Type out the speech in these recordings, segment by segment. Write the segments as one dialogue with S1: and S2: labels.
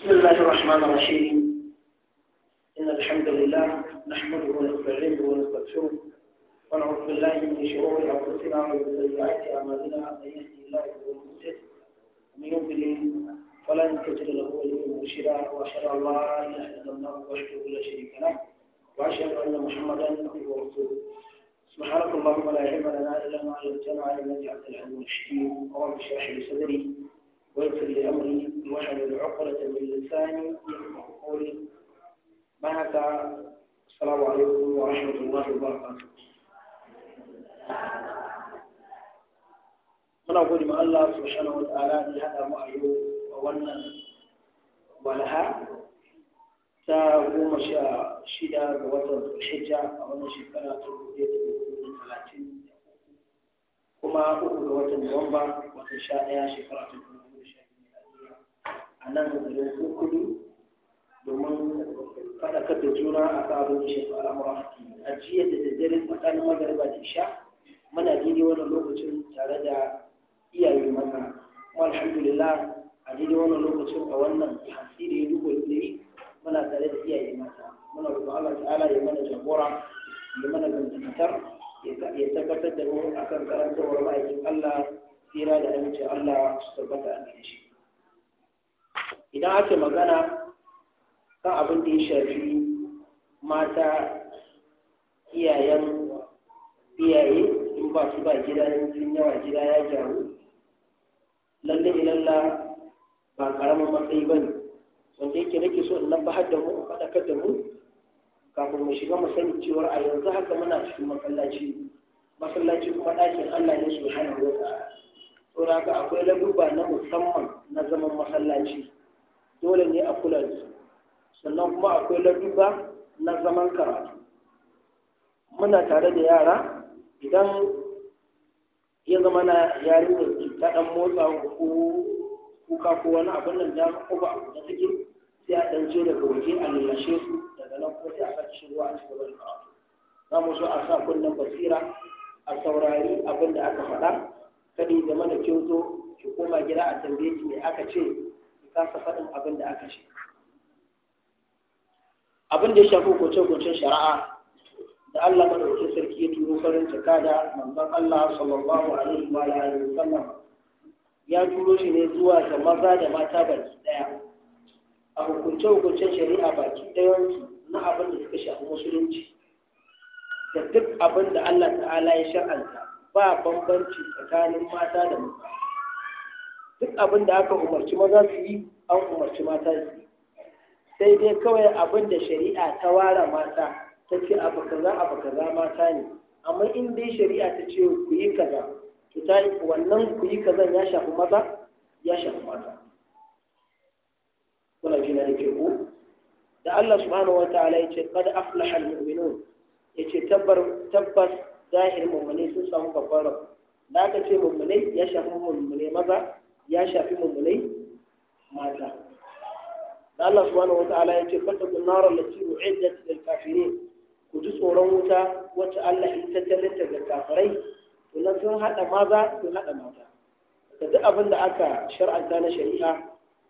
S1: بسم الله الرحمن الرحيم إن الحمد لله نحمده ونستعينه ونستغفره ونعوذ بالله من شرور أنفسنا ومن سيئات أعمالنا من يهدي الله فهو المهتد ومن يضلل فلن تجد له وليا مرشدا وأشهد أن لا إله إلا الله وحده لا شريك له وأشهد أن محمدا عبده ورسوله سبحانك اللهم لا علم لنا إلا ما علمتنا على إنك أنت العليم الحكيم اللهم اشرح لي صدري ويسر لأمري واحلل عقدة من لساني يفقه قولي معك السلام عليكم ورحمة الله وبركاته muna gode ma Allah subhanahu wa ta'ala da haɗa mu a yau a wannan walaha ta goma sha shida ga watan a wannan shekara ta dubu talatin kuma uku a nan garin sun kudu domin faɗakar da juna a tsarin shi al'amuran addini a jiya da daddare tsakanin magariba da isha muna daidai wannan lokacin tare da iyaye mata kuma alhamdulillah a daidai wannan lokacin a wannan hasi da ya duka yi muna tare da iyaye mata muna roƙon Allah ta'ala ya mana jagora ya mana dangantakar ya tabbatar da mu akan karantarwar ma'aikin Allah tsira da amince Allah su tabbata a gare shi idan ake magana kan abin da ya shafi mata iyayen iyaye in ba su ba gida sun yawa gida ya gyaru lalle ilalla ba karamin matsayi ba ne wanda yake nake so in nan ba da mu faɗakar da mu kafin mu shiga mu sani cewar a yanzu haka muna cikin masallaci masallaci kuma ɗakin Allah ne subhanahu wa ta'ala saboda haka akwai laguba na musamman na zaman masallaci dole ne a kula da su sannan kuma akwai laduba na zaman karatu muna tare da yara idan ya zama na su ta dan motsa ko kuka ko wani abin nan da ko ba da take sai a dan je daga waje a lallashe su daga nan ko sai a saka shi ruwa a cikin wani karatu za mu so a sa kunnen basira a saurari abin da aka faɗa kada zama da mana ki koma gida a tambaye ki aka ce kasa faɗin abin da aka ce abin da ya shafi kwace-kwacen shari'a da Allah madaukakin sarki ya turo farin cika da manzon Allah sallallahu alaihi wa alihi sallam ya turo shi ne zuwa ga maza da mata baki daya a hukunce hukuncen shari'a baki ɗayan na abin da suka shafi musulunci da duk abin da Allah ta'ala ya shar'anta ba bambanci tsakanin mata da maza duk abin da aka umarci maza su yi an umarci mata su yi sai dai kawai abin da shari'a ta ware mata ta ce abu kaza abu kaza mata ne amma in dai shari'a ta ce ku yi kaza to ta wannan ku yi kaza ya shafi maza ya shafi mata kuna jina da ke ku da Allah subhanahu wa ta'ala ya ce qad aflaha almu'minun ya ce tabbas zahirin mummune sun samu babbar rabu da aka ce mu'mini ya shafi mu'mini maza ya shafi mummunai mata da Allah subhanahu wataala ya ce ku narar lati u'iddat lil kafirin ku ji tsoron wuta wacce Allah ya tattalinta ga kafirai to nan sun hada maza sun hada mata da duk abin da aka shar'anta na shari'a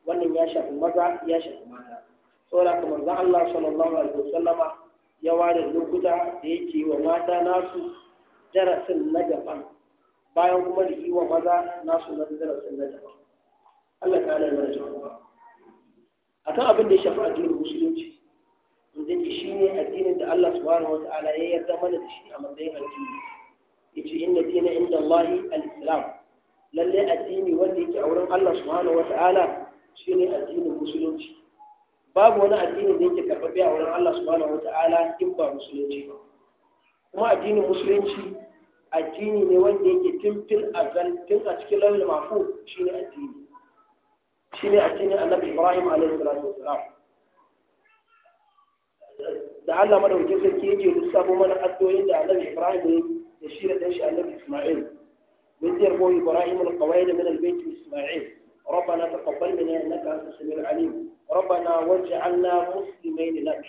S1: wannan ya shafi maza ya shafi mata saboda kamar da Allah sallallahu alaihi wasallama ya ware lokuta da yake wa mata nasu darasin na gaban bayan kuma da yi wa maza nasu na darasin na jama'a Allah ta halaye mana jama'a a kan abin da ya shafi addinin musulunci wanda ke shi ne addinin da Allah subhanahu wa ta'ala ya yarda mana da shi a matsayin addini ya ce inna dina inda Allahi al-islam lallai addini wanda yake a wurin Allah subhanahu wa ta'ala shi ne addinin musulunci babu wani addini da yake karɓaɓɓe a wurin Allah subhanahu wa ta'ala in ba musulunci ba kuma addinin musulunci addini ne wanda yake tuntun a a cikin lauyin mafu ne addini shine addinin annabi ibrahim alaihi salatu da Allah madaukakin sarki yake lissafo mana addu'o'in da annabi ibrahim ne da shi da dan annabi isma'il min yarbo ibrahim alqawaid min albayt isma'il ربنا تقبل منا انك انت السميع العليم ربنا واجعلنا مسلمين لك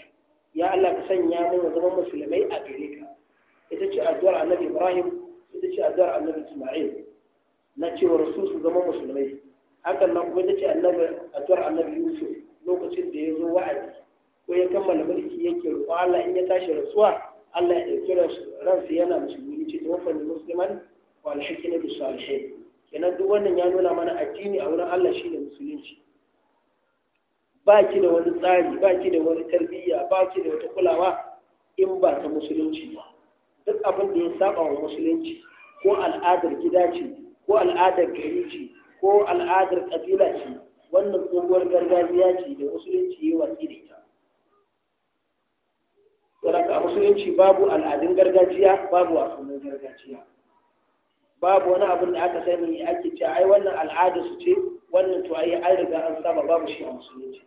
S1: يا الله كسن من مسلمين ادريك ita ce addu'ar annabi ibrahim ita ce addu'ar annabi isma'il na cewa su su zama musulmai hakan nan kuma ita ce addu'ar annabi yusuf lokacin da ya zo wa'azi ko ya kammala mulki yake roƙo Allah in ya tashi rasuwa Allah ya ɗauki ransa yana musulmi ce ta wafan musulman, wa na bi salihin kenan duk wannan ya nuna mana addini a wurin Allah shi ne musulunci ba ki da wani tsari ba ki da wani tarbiyya ba ki da wata kulawa in ba ta musulunci ba duk abin da ya saba wa musulunci ko al'adar gida ce ko al'adar gari ce ko al'adar kabila ce wannan tsohuwar gargajiya ce da musulunci ya watsi da ita saboda musulunci babu al'adun gargajiya babu wasannin gargajiya babu wani abin da aka sani ya ake ce ai wannan al'ada su ce wannan to ai an riga an saba babu shi a musulunci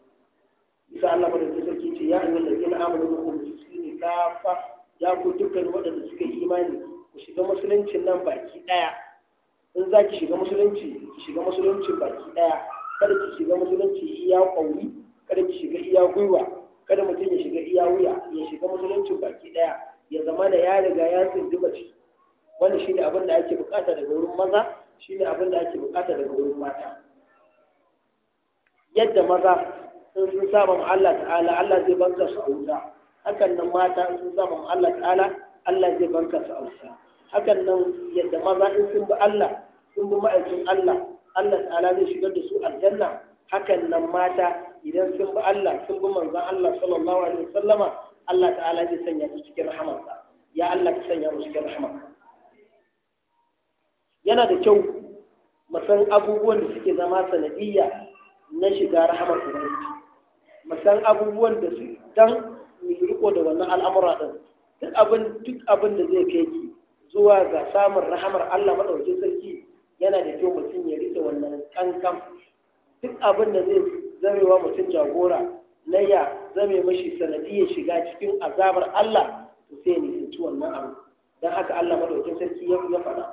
S1: Isa Allah ta sarki ce ya ayyuhal ladina amanu dukhulu fi silmi kafa ya ku dukkan waɗanda suka yi imani ku shiga musuluncin nan baki ɗaya in za ki shiga musulunci ki shiga musuluncin baki ɗaya kada ki shiga musulunci iya ƙauri kada ki shiga iya gwiwa kada mutum ya shiga iya wuya ya shiga musuluncin baki ɗaya ya zama da ya riga ya tsindi mace shi ne abin da ake bukata daga wurin maza shi ne abin da ake bukata daga wurin mata yadda maza sun saba ma Allah ta'ala Allah zai banka su a wuta hakan nan mata sun zama Allah ta'ala Allah zai banka su ausa hakan nan yadda maza in sun bi Allah sun bi ma'aikin Allah Allah ta'ala zai shigar da su aljanna hakan nan mata idan sun bi Allah sun bi manzon Allah sallallahu alaihi wasallama Allah ta'ala zai sanya su cikin rahamarsa ya Allah ka sanya mu cikin rahamarka yana da kyau mu san abubuwan da suke zama sanadiyya na shiga rahamar Ubangiji mu san abubuwan da su dan riko da wannan al'amura ɗin duk abin duk abin da zai kai ki zuwa ga samun rahamar Allah madaukakin sarki yana da kyau mutum ya rike wannan kankan duk abin da zai zamewa mutum jagora na ya zame mashi sanadiyar shiga cikin azabar Allah to sai ne su wannan abu dan haka Allah madaukakin sarki ya ya fada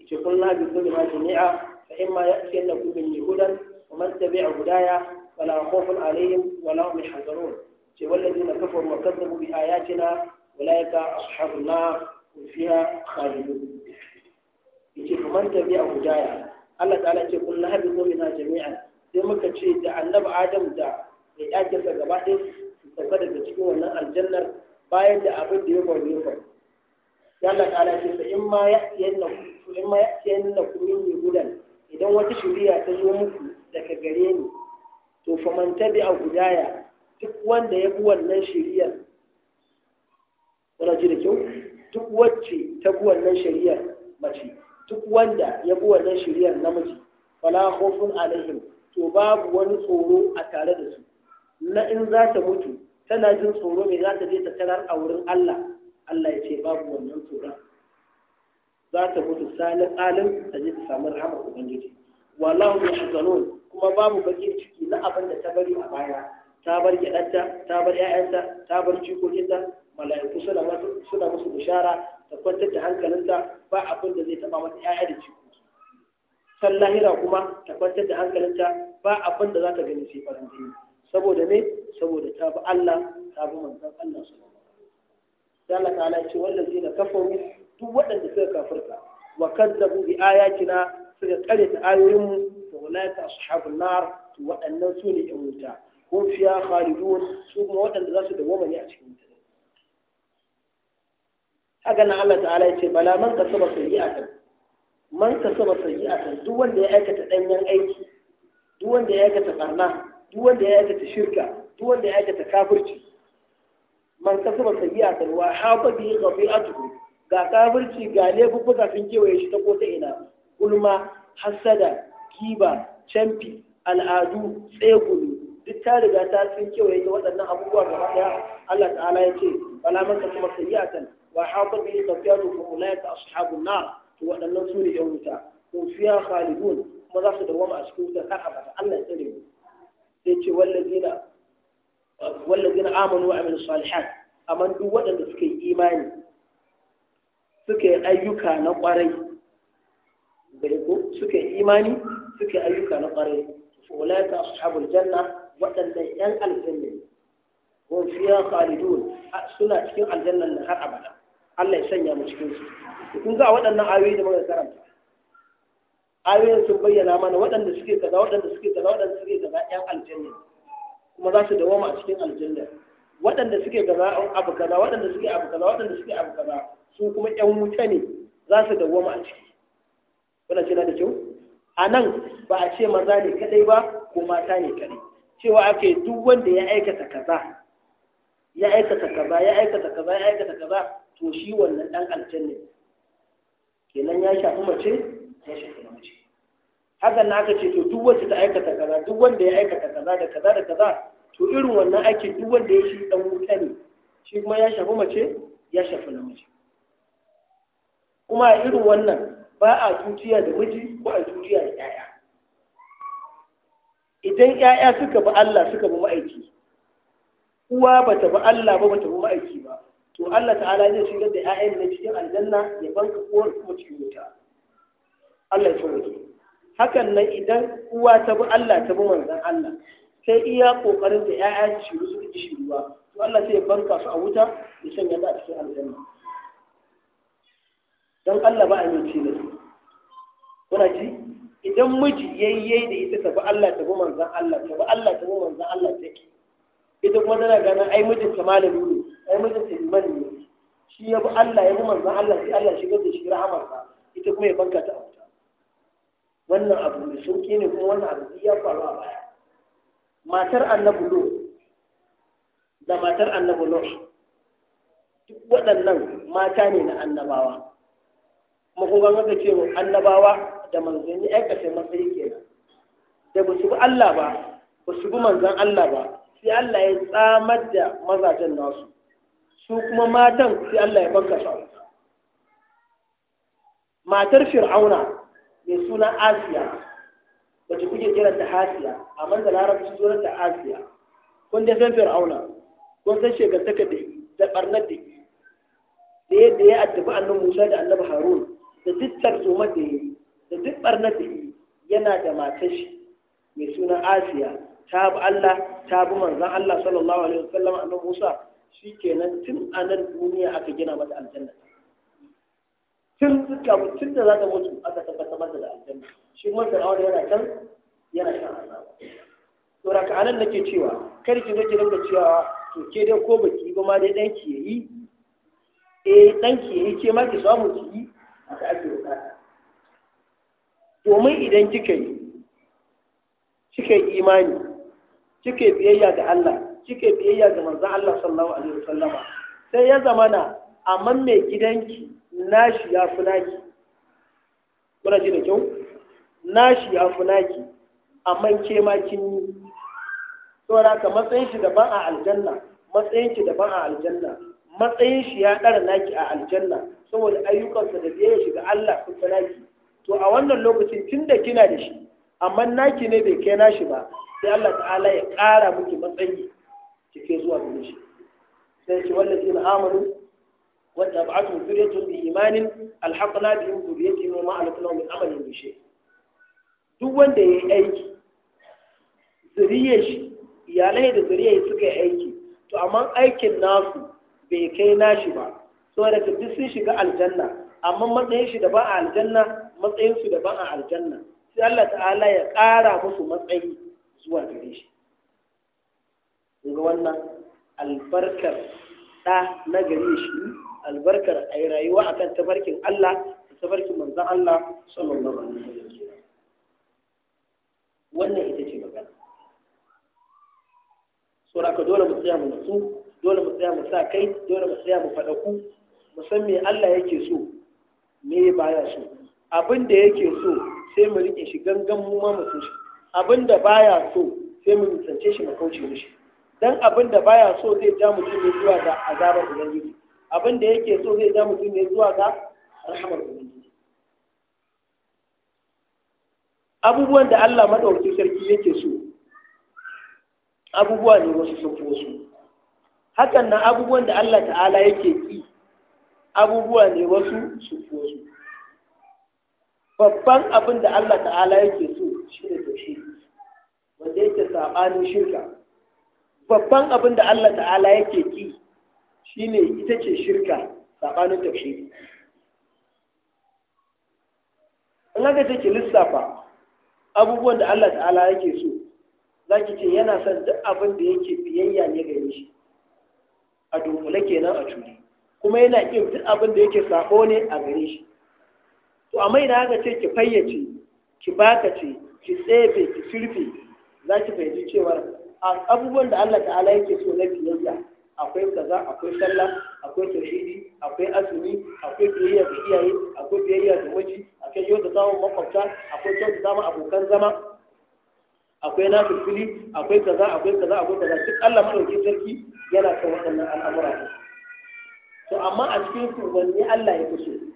S1: yace kun la bi kulli ma jami'a fa imma ya'ti annakum min a wa man tabi'a hudaya wala khawfun alaihim wa hum yahzanun ce wallazi na kafar wa kazzabu bi ayatina na ashabun nar hum fiha khalidun ta biya tabi'a hudaya Allah ta'ala ce kun lahabu na jami'a sai muka ce da annabi Adam da ya yake sa gaba ɗaya su tafi daga cikin wannan aljannar bayan da abin da ya faru ya faru ya Allah ta'ala ce fa in ma ya'tiyanna ku in ma ya'tiyanna ku minni idan wata shirya ta zo muku daga gare ni to faman tabi'a gudaya. duk wanda ya bi wannan shari'ar wani ji da kyau duk wacce ta bi wannan shari'ar mace duk wanda ya bi wannan shari'ar namiji wala khawfun alaihim to babu wani tsoro a tare da su na in za ta mutu tana jin tsoro mai za ta je ta tarar a wurin Allah Allah ya ce babu wannan tsoron za ta mutu salin alim ta je ta samu rahama ubangiji wallahu yahzanun kuma babu bakin ciki na abin da ta bari a baya ta bar gidanta ta bar ƴaƴanta ta bar jikokinta mala'iku suna musu suna musu bishara ta kwantar da hankalinta ba abin da zai taba mata ƴaƴa da jikoki san lahira kuma ta kwantar da hankalinta ba abin da za ta gani sai farin jini saboda ne saboda ta bi Allah ta bi manzon Allah sallallahu alaihi wasallam Allah ta'ala wannan ce wallazina kafaru duk waɗanda suka kafirta wa kazzabu bi ayatina suka kare ta ayoyinmu to ulaika ashabun nar to waɗannan su ne ƴan wuta hum fiya khalidun su kuma waɗanda za su dawo ne a cikin wuta haka na Allah ta'ala ya ce bala man kasaba sayyi'atan man sai kasaba sayyi'atan duk wanda ya aikata danyen aiki duk wanda ya aikata barna duk wanda ya aikata shirka duk wanda ya aikata kafirci man sai kasaba sayyi'atan wa haba bi ghafi'atuhu ga kafirci ga laifuffuka sun kewaye shi ta ko ta ina gulma hassada kiba canfi al'adu tsegumi duk ta riga ta sun kewaye ta waɗannan abubuwa gaba ɗaya Allah ta'ala ya ce wala man ka kuma sayyatan wa haqa bihi qatiyatu fa ulaika ashabun nar to waɗannan su ne ƴan wuta Kun fiya khalidun kuma za su dawama a cikin wuta har abada Allah ya tsare mu sai ce wallazina wallazina amanu wa amilus salihat amma duk waɗanda suka yi imani suka yi ayyuka na ƙwarai suka yi imani suka yi ayyuka na ƙwarai ulaika ashabul janna waɗanda ‘yan aljanna ne, wa fiya khalidun suna cikin aljannan da har abada, Allah ya sanya mu cikin su. Kun za waɗannan ayoyi da muka karanta. Ayoyin sun bayyana mana waɗanda suke kaza, waɗanda suke kaza, waɗanda suke kaza ‘yan aljanna kuma za su dawoma a cikin aljanna. Waɗanda suke kaza abu kaza, waɗanda suke abu kaza, waɗanda suke abu kaza, su kuma ‘yan wuta ne za su dawoma a ciki. Kuna ce na da kyau? A nan ba a ce maza ne kadai ba ko mata ne kadai. cewa ake duk wanda ya aikata kaza ya aikata kaza ya aikata kaza ya aikata kaza to shi wannan dan aljanna kenan ya shafi mace ya shafi mace Haka na aka ce to duk wanda ta aikata kaza duk wanda ya aikata kaza da kaza da kaza to irin wannan ake duk wanda ya shi dan wuta ne shi kuma ya shafi mace ya shafi namiji kuma a irin wannan ba a tutiya da miji ko a tutiya da 'ya'ya idan 'ya'ya suka bi Allah suka bi ma'aiki uwa ba ta bi Allah ba ba ta bi ma'aiki ba to Allah ta'ala zai shigar da 'ya'yan na cikin aljanna ya banka uwar kuma cikin wuta Allah ya tsoro hakan nan idan uwa ta bi Allah ta bi manzon Allah sai iya kokarin da 'ya'ya su shiru su ji shiruwa to Allah sai ya banka su a wuta ya sanya ta a cikin aljanna dan Allah ba a yi ce da su kuna ji idan miji ya yayye da ita tafi Allah tafi manzan Allah tafi Allah tafi manzan Allah take ita kuma tana ganin ai mijin ta malami ne ai mijin ta imani ne shi ya bi Allah ya bi manzan Allah sai Allah shi gaza shi rahamarsa ita kuma ya banka ta a wannan abu ne sauki ne kuma wannan abu ya faru a baya matar annabi lo da matar annabi lo duk waɗannan mata ne na annabawa kuma kun ga ce annabawa da manzanni ai ka matsayi kenan da ba su bi Allah ba ba su bi manzan Allah ba sai Allah ya tsamar da mazajen nasu su kuma matan sai Allah ya banka su matar fir'auna mai suna asiya ta kuke kira ta hasiya a da larabci sunan ta asiya kun da san fir'auna kun san shekartaka da da barnar da da yadda ya addabi annabi musa da annabi harun da duk tarzoma da ya yi da duk barnar da yana da matar shi mai suna asiya ta bi Allah ta bi manzan Allah sallallahu alaihi wasallam annabi Musa shikenan tun a nan duniya aka gina mata aljanna tun suka tun da za ta mutu aka tabbatar mata da aljanna shi kuma Fir'aun yana kan yana shan azaba to raka anan nake cewa kar ki ki dinga cewa to ke dai ko baki ba ma dai danki yayi eh danki yayi ke ma ki samu ki yi aka ake bukata domin idan kika yi kika yi imani kika biyayya ga Allah kika biyayya ga manzon Allah sallallahu alaihi wasallama sai ya zamana amma mai gidanki nashi ya funaki kuna ji da kyau nashi ya funaki amma ke ma kin yi saboda ka matsayin shi daban a aljanna matsayin shi daban a aljanna matsayin shi ya ɗara naki a aljanna saboda ayyukansa da biyayya shi ga Allah sun funaki to a wannan lokacin tun da kina da shi amma naki ne bai kai nashi ba sai Allah ta'ala ya ƙara miki matsayi cike zuwa gare shi sai ce wallazina amanu wa tabi'atu tun bi imanin alhaqna bihim zuriyatihim ma alqna min amalin bi shay duk wanda yayi aiki zuriyar shi iyalai da zuriyar suka yi aiki to amma aikin nasu bai kai nashi ba saboda duk sun shiga aljanna amma matsayin shi da ba a aljanna matsayinsu daban a aljanna sai Allah ta'ala ya ƙara musu matsayi zuwa gare shi ga wannan albarkar ɗa na gare shi albarkar a yi rayuwa a kan tafarkin Allah da tafarkin manzan Allah sallallahu alaihi wasallam wannan ita ce magana da ka dole mu tsaya mu nutsu dole mu tsaya mu sa kai dole mu tsaya mu faɗaku mu san me Allah yake so me baya so abin da yake so sai mu rike shi gangan mu ma mu shi abin da baya so sai mu nisance shi mu kauce mishi dan abin da baya so zai ja mutum ne zuwa ga azabar ubangiji abin da yake so zai ja mutum ne zuwa ga rahmar ubangiji abubuwan da Allah madaukakin sarki yake so abubuwa ne wasu sun fi wasu hakan nan abubuwan da Allah ta'ala yake ki abubuwa ne wasu sun fi wasu babban abin da Allah ta'ala yake so shi ne tauhidi wanda yake sabanin shirka babban abin da Allah ta'ala yake ki shi ne ita ce shirka sabanin tauhidi in aka ce ki lissafa abubuwan da Allah ta'ala yake so za ki ce yana son duk abin da yake biyayya ne gare shi a dunkule kenan a curi kuma yana ƙin duk abin da yake sako ne a gare shi to amma idan aka ce ki fayyace ki bakace ki tsefe ki sirfe za ki fahimci cewa abubuwan da Allah ta'ala yake so na biyayya akwai kaza akwai sallah akwai tauhidi akwai azumi akwai biyayya ga iyaye akwai biyayya ga miji akwai yau da zaman makwabta akwai kyau da abokan zama akwai na fulfuli akwai kaza akwai kaza akwai kaza duk Allah madaukakin sarki yana kan waɗannan al'amura to amma a cikin kurbanni Allah ya fi so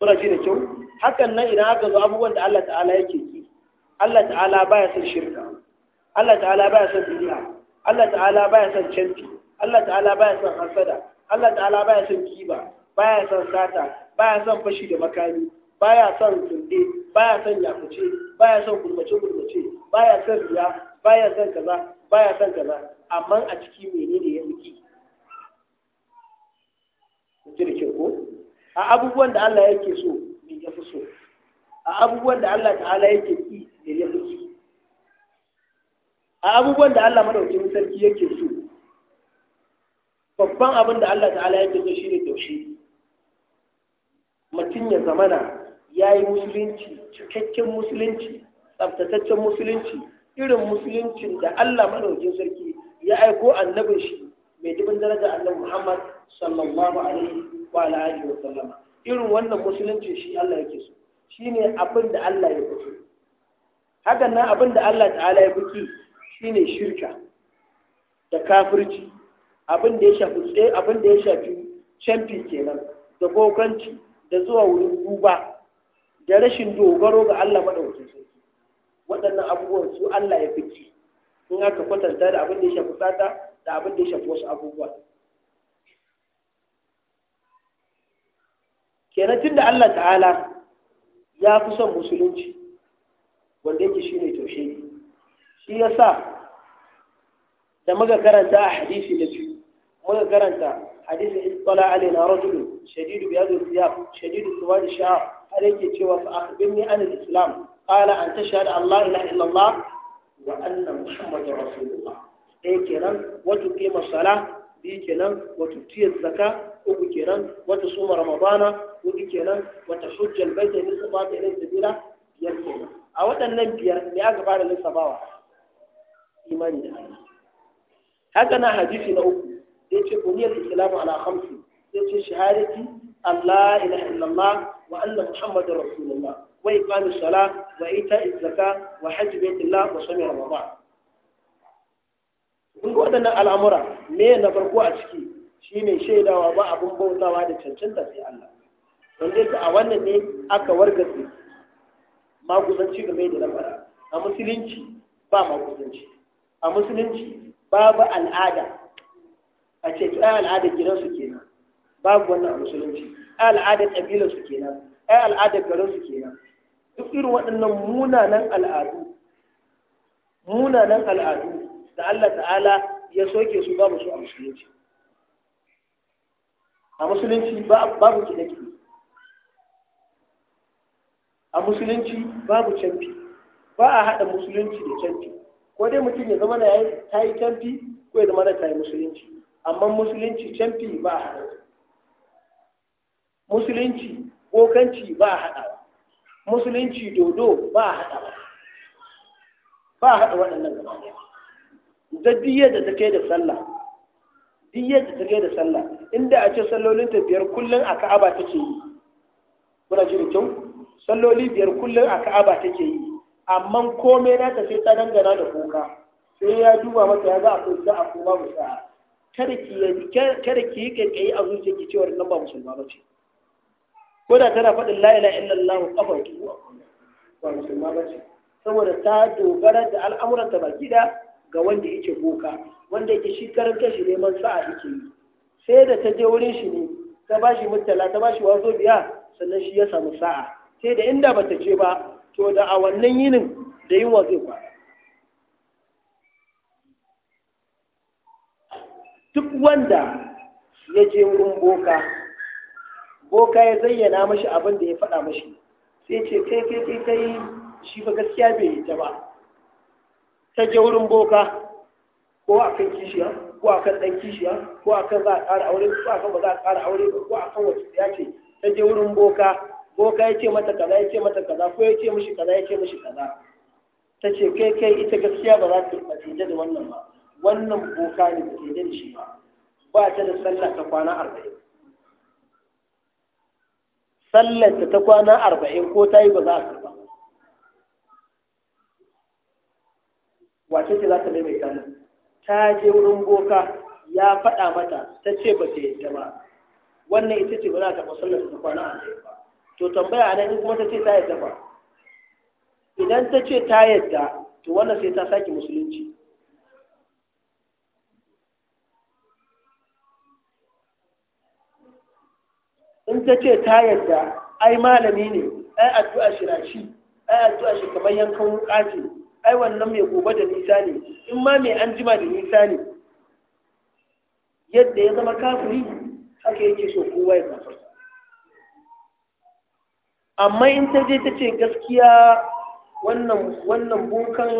S1: kuna ji da kyau hakan nan idan aka zo abubuwan da Allah ta'ala yake ki Allah ta'ala baya son shirka Allah ta'ala baya son bid'a Allah ta'ala baya son canfi Allah ta'ala baya son hasada Allah ta'ala baya son kiba baya son sata baya son fashi da makami baya son tunde baya son yakuce baya son gurbace gurbace baya son riya baya son kaza baya son kaza amma a ciki menene ya miki? Mutum da kyau ko? a abubuwan da Allah yake so me ya fi so a abubuwan da Allah ta'ala yake ki me ya fi ki a abubuwan da Allah madauki sarki yake so babban abin da Allah ta'ala yake so shine taushe mutum ya zamana ya yi musulunci cikakken musulunci tsabtataccen musulunci irin musuluncin da Allah madaukakin sarki ya aiko annabin shi mai dubin daraja annabi Muhammad sallallahu alaihi wa alihi wa sallama irin wannan musulunci shi Allah yake so shine abin da Allah ya kusa hakan nan abin da Allah ta'ala ya kuki shine shirka da kafirci abin da ya shafi tsaye abin da ya shafi canfi kenan da goganci da zuwa wurin duba da rashin dogaro ga Allah madaukakin sarki waɗannan abubuwan su Allah ya fi in aka kwatanta da abin da ya shafi sata da abin da ya shafi wasu abubuwa kenan tun Allah ta'ala ya fi son musulunci wanda yake shi ne taushe shi ya sa da muka karanta a hadisi na biyu muka karanta hadisi tsala alaina rajulun shadidu bi hadhihi thiyab shadidu suwad sha'ar har yake cewa fa akhbirni an islam qala an tashhad Allah ilaha illa Allah wa anna muhammadar rasulullah ɗaya kenan wa tuqima salah biyu kenan wa tuti zakka uku kenan wa suma ramadana kudi kenan wata hujjal bai sai nisa ba ta ilai sabila biyar kenan a waɗannan biyar ne aka fara lissafawa imani da Allah haka na hadisi na uku sai ce da islamu ala khamsi sai ce shahadati Allah ilaha illallah wa anna muhammadar rasulullah wa iqamu sala wa ita zaka wa hajj baitillah wa sami ramadan kun ga waɗannan al'amura me na farko a ciki shine shaidawa ba abin bautawa da cancanta sai Allah wanda yake a wannan ne aka wargaze magudanci game da lafara a musulunci ba magudanci a musulunci babu al'ada a ce ai al'ada gidan su kenan babu wannan a musulunci ai al'ada su kenan ai al'ada garin su kenan duk irin waɗannan munanan al'adu munanan al'adu da Allah ta'ala ya soke su babu su a musulunci a musulunci babu kiɗe-kiɗe a musulunci babu canfi ba a haɗa musulunci da canfi ko dai mutum ya zama na ta yi canfi ko ya zama na ta yi musulunci amma musulunci canfi ba a haɗa musulunci bokanci ba a haɗa musulunci dodo ba a haɗa ba a haɗa waɗannan gaba da diyar da ta da sallah diyar da ta da sallah inda a ce sallolin ta biyar kullum a ka'aba take yi kuna ji da kyau salloli biyar kullum a ka'aba take yi amma komai na ta sai ta dangana da kuka sai ya duba mata ya za a za a koma musa kada ki kada ki yi kai a zuciya ki cewa nan ba musulma ba ce ko da tana faɗin la ilaha illallah kafar ki ba musulma ba ce saboda ta dogara da al'amuranta baki da ga wanda yake boka wanda yake shi karanta shi neman sa'a yake yi sai da ta je wurin shi ne ta ba shi mutala ta ba shi wazo biya sannan shi ya samu sa'a sai da inda bata je ba to da a wannan yinin da yunwa zai kwana duk wanda ya je wurin boka boka ya zayyana mashi abin da ya faɗa mashi sai ce kai kai kai kai shi ba gaskiya bai yi ta ba ta je wurin boka ko a kan kishiya ko a kan ɗan kishiya ko a kan za a ƙara aure ko a kan ba za a ƙara aure ba ko a kan wacce ya ce ta je wurin boka ko ka ce mata kaza ya ce mata kaza ko ya ce mishi kaza ya ce mishi kaza ta ce kai kai ita gaskiya ba za ta fahimta da wannan ba wannan boka ne ba ta da shi ba ba ta da sallah ta kwana arba'in sallar ta ta kwana arba'in ko ta yi ba za a karba wace ce za ta maimaita nan ta je wurin boka ya faɗa mata ta ce ba ta yadda ba wannan ita ce ba za ta sallar ta kwana arba'in ba to tambaya nan in kuma ta ce ta yadda ba idan ta ce ta yadda to wannan sai ta sake musulunci in ta ce ta yadda ai malami ne ai addu'a shi rashi ai addu'a shi kamar yankan wuka ce ai wannan mai gobe da nisa ne in ma mai an jima da nisa ne yadda ya zama kafiri haka yake so kowa ya kafarta amma in ta je ta ce gaskiya wannan wannan bunkan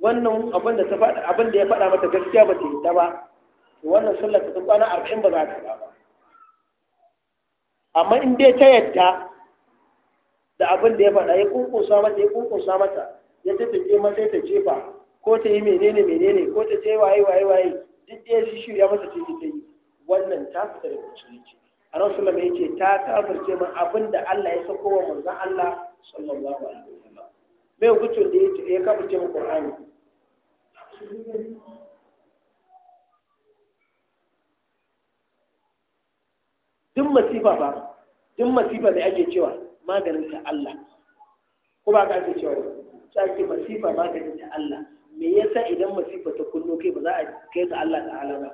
S1: wannan abin da ta faɗa abin da ya faɗa mata gaskiya ba ta yi ta ba wannan sallar ta kwana arba'in ba za ta ba amma in dai ta yadda da abin da ya faɗa ya kunkusa mata ya kunkusa mata ya ta tafi mata ta jefa ko ta yi menene menene ko ta je waye waye waye duk ɗaya shi shirya mata ce ta yi wannan ta fita daga musulunci a rasulullah ya ce ta kafirce min abin da Allah ya sako wa manzon Allah sallallahu alaihi wasallam mai hukuncin da ya ce ya kafirce min Qur'ani duk masifa ba duk masifa da ake cewa maganin ta Allah ko ba ka ake cewa ta ake masifa maganin ta Allah me yasa idan masifa ta kunno kai ba za a kai ga Allah ta'ala ba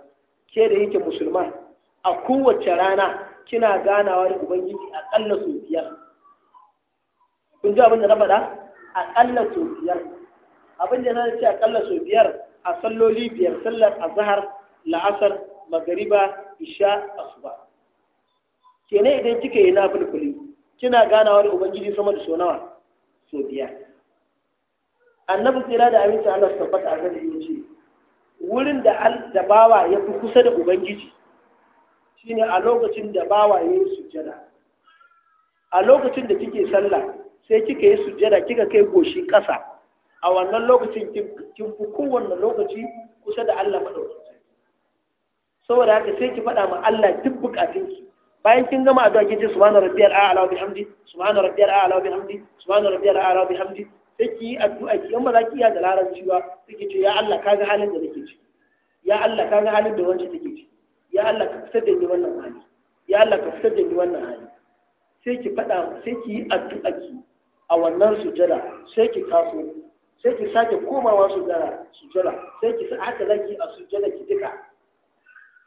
S1: ke da yake musulman a kowace rana kina ganawa da ubangiji aƙalla sau biyar kun ji abin da na faɗa aƙalla sau biyar abin da na ce aƙalla sau biyar a salloli biyar sallar Azahar la'asar magariba isha asuba Kene idan kika yi na fulfuli kina ganawa da ubangiji sama da sau nawa sau biyar annabi tsira da aminci Allah su tabbata a kan ce wurin da bawa ya fi kusa da ubangiji shine a lokacin da bawa ya yi sujjada a lokacin da kike sallah sai kika yi sujjada kika kai goshi ƙasa a wannan lokacin kin fi kowanne lokaci kusa da Allah madaukakin saboda haka sai ki faɗa ma Allah duk ki bayan kin gama addu'a kin ce subhana rabbiyal a'la wa bihamdi subhana rabbiyal a'la wa bihamdi subhana rabbiyal a'la wa bihamdi sai ki yi addu'a ki amma za ki iya da larabci kike ce ya Allah kaga halin da nake ci ya Allah kaga halin da wancan take ci ya Allah ka fitar da ni wannan hali ya Allah ka fitar da ni wannan hali sai ki fada sai ki yi addu'a ki a wannan sujada sai ki taso sai ki sake komawa sujada sujada sai ki sa haka zaki a sujada ki duka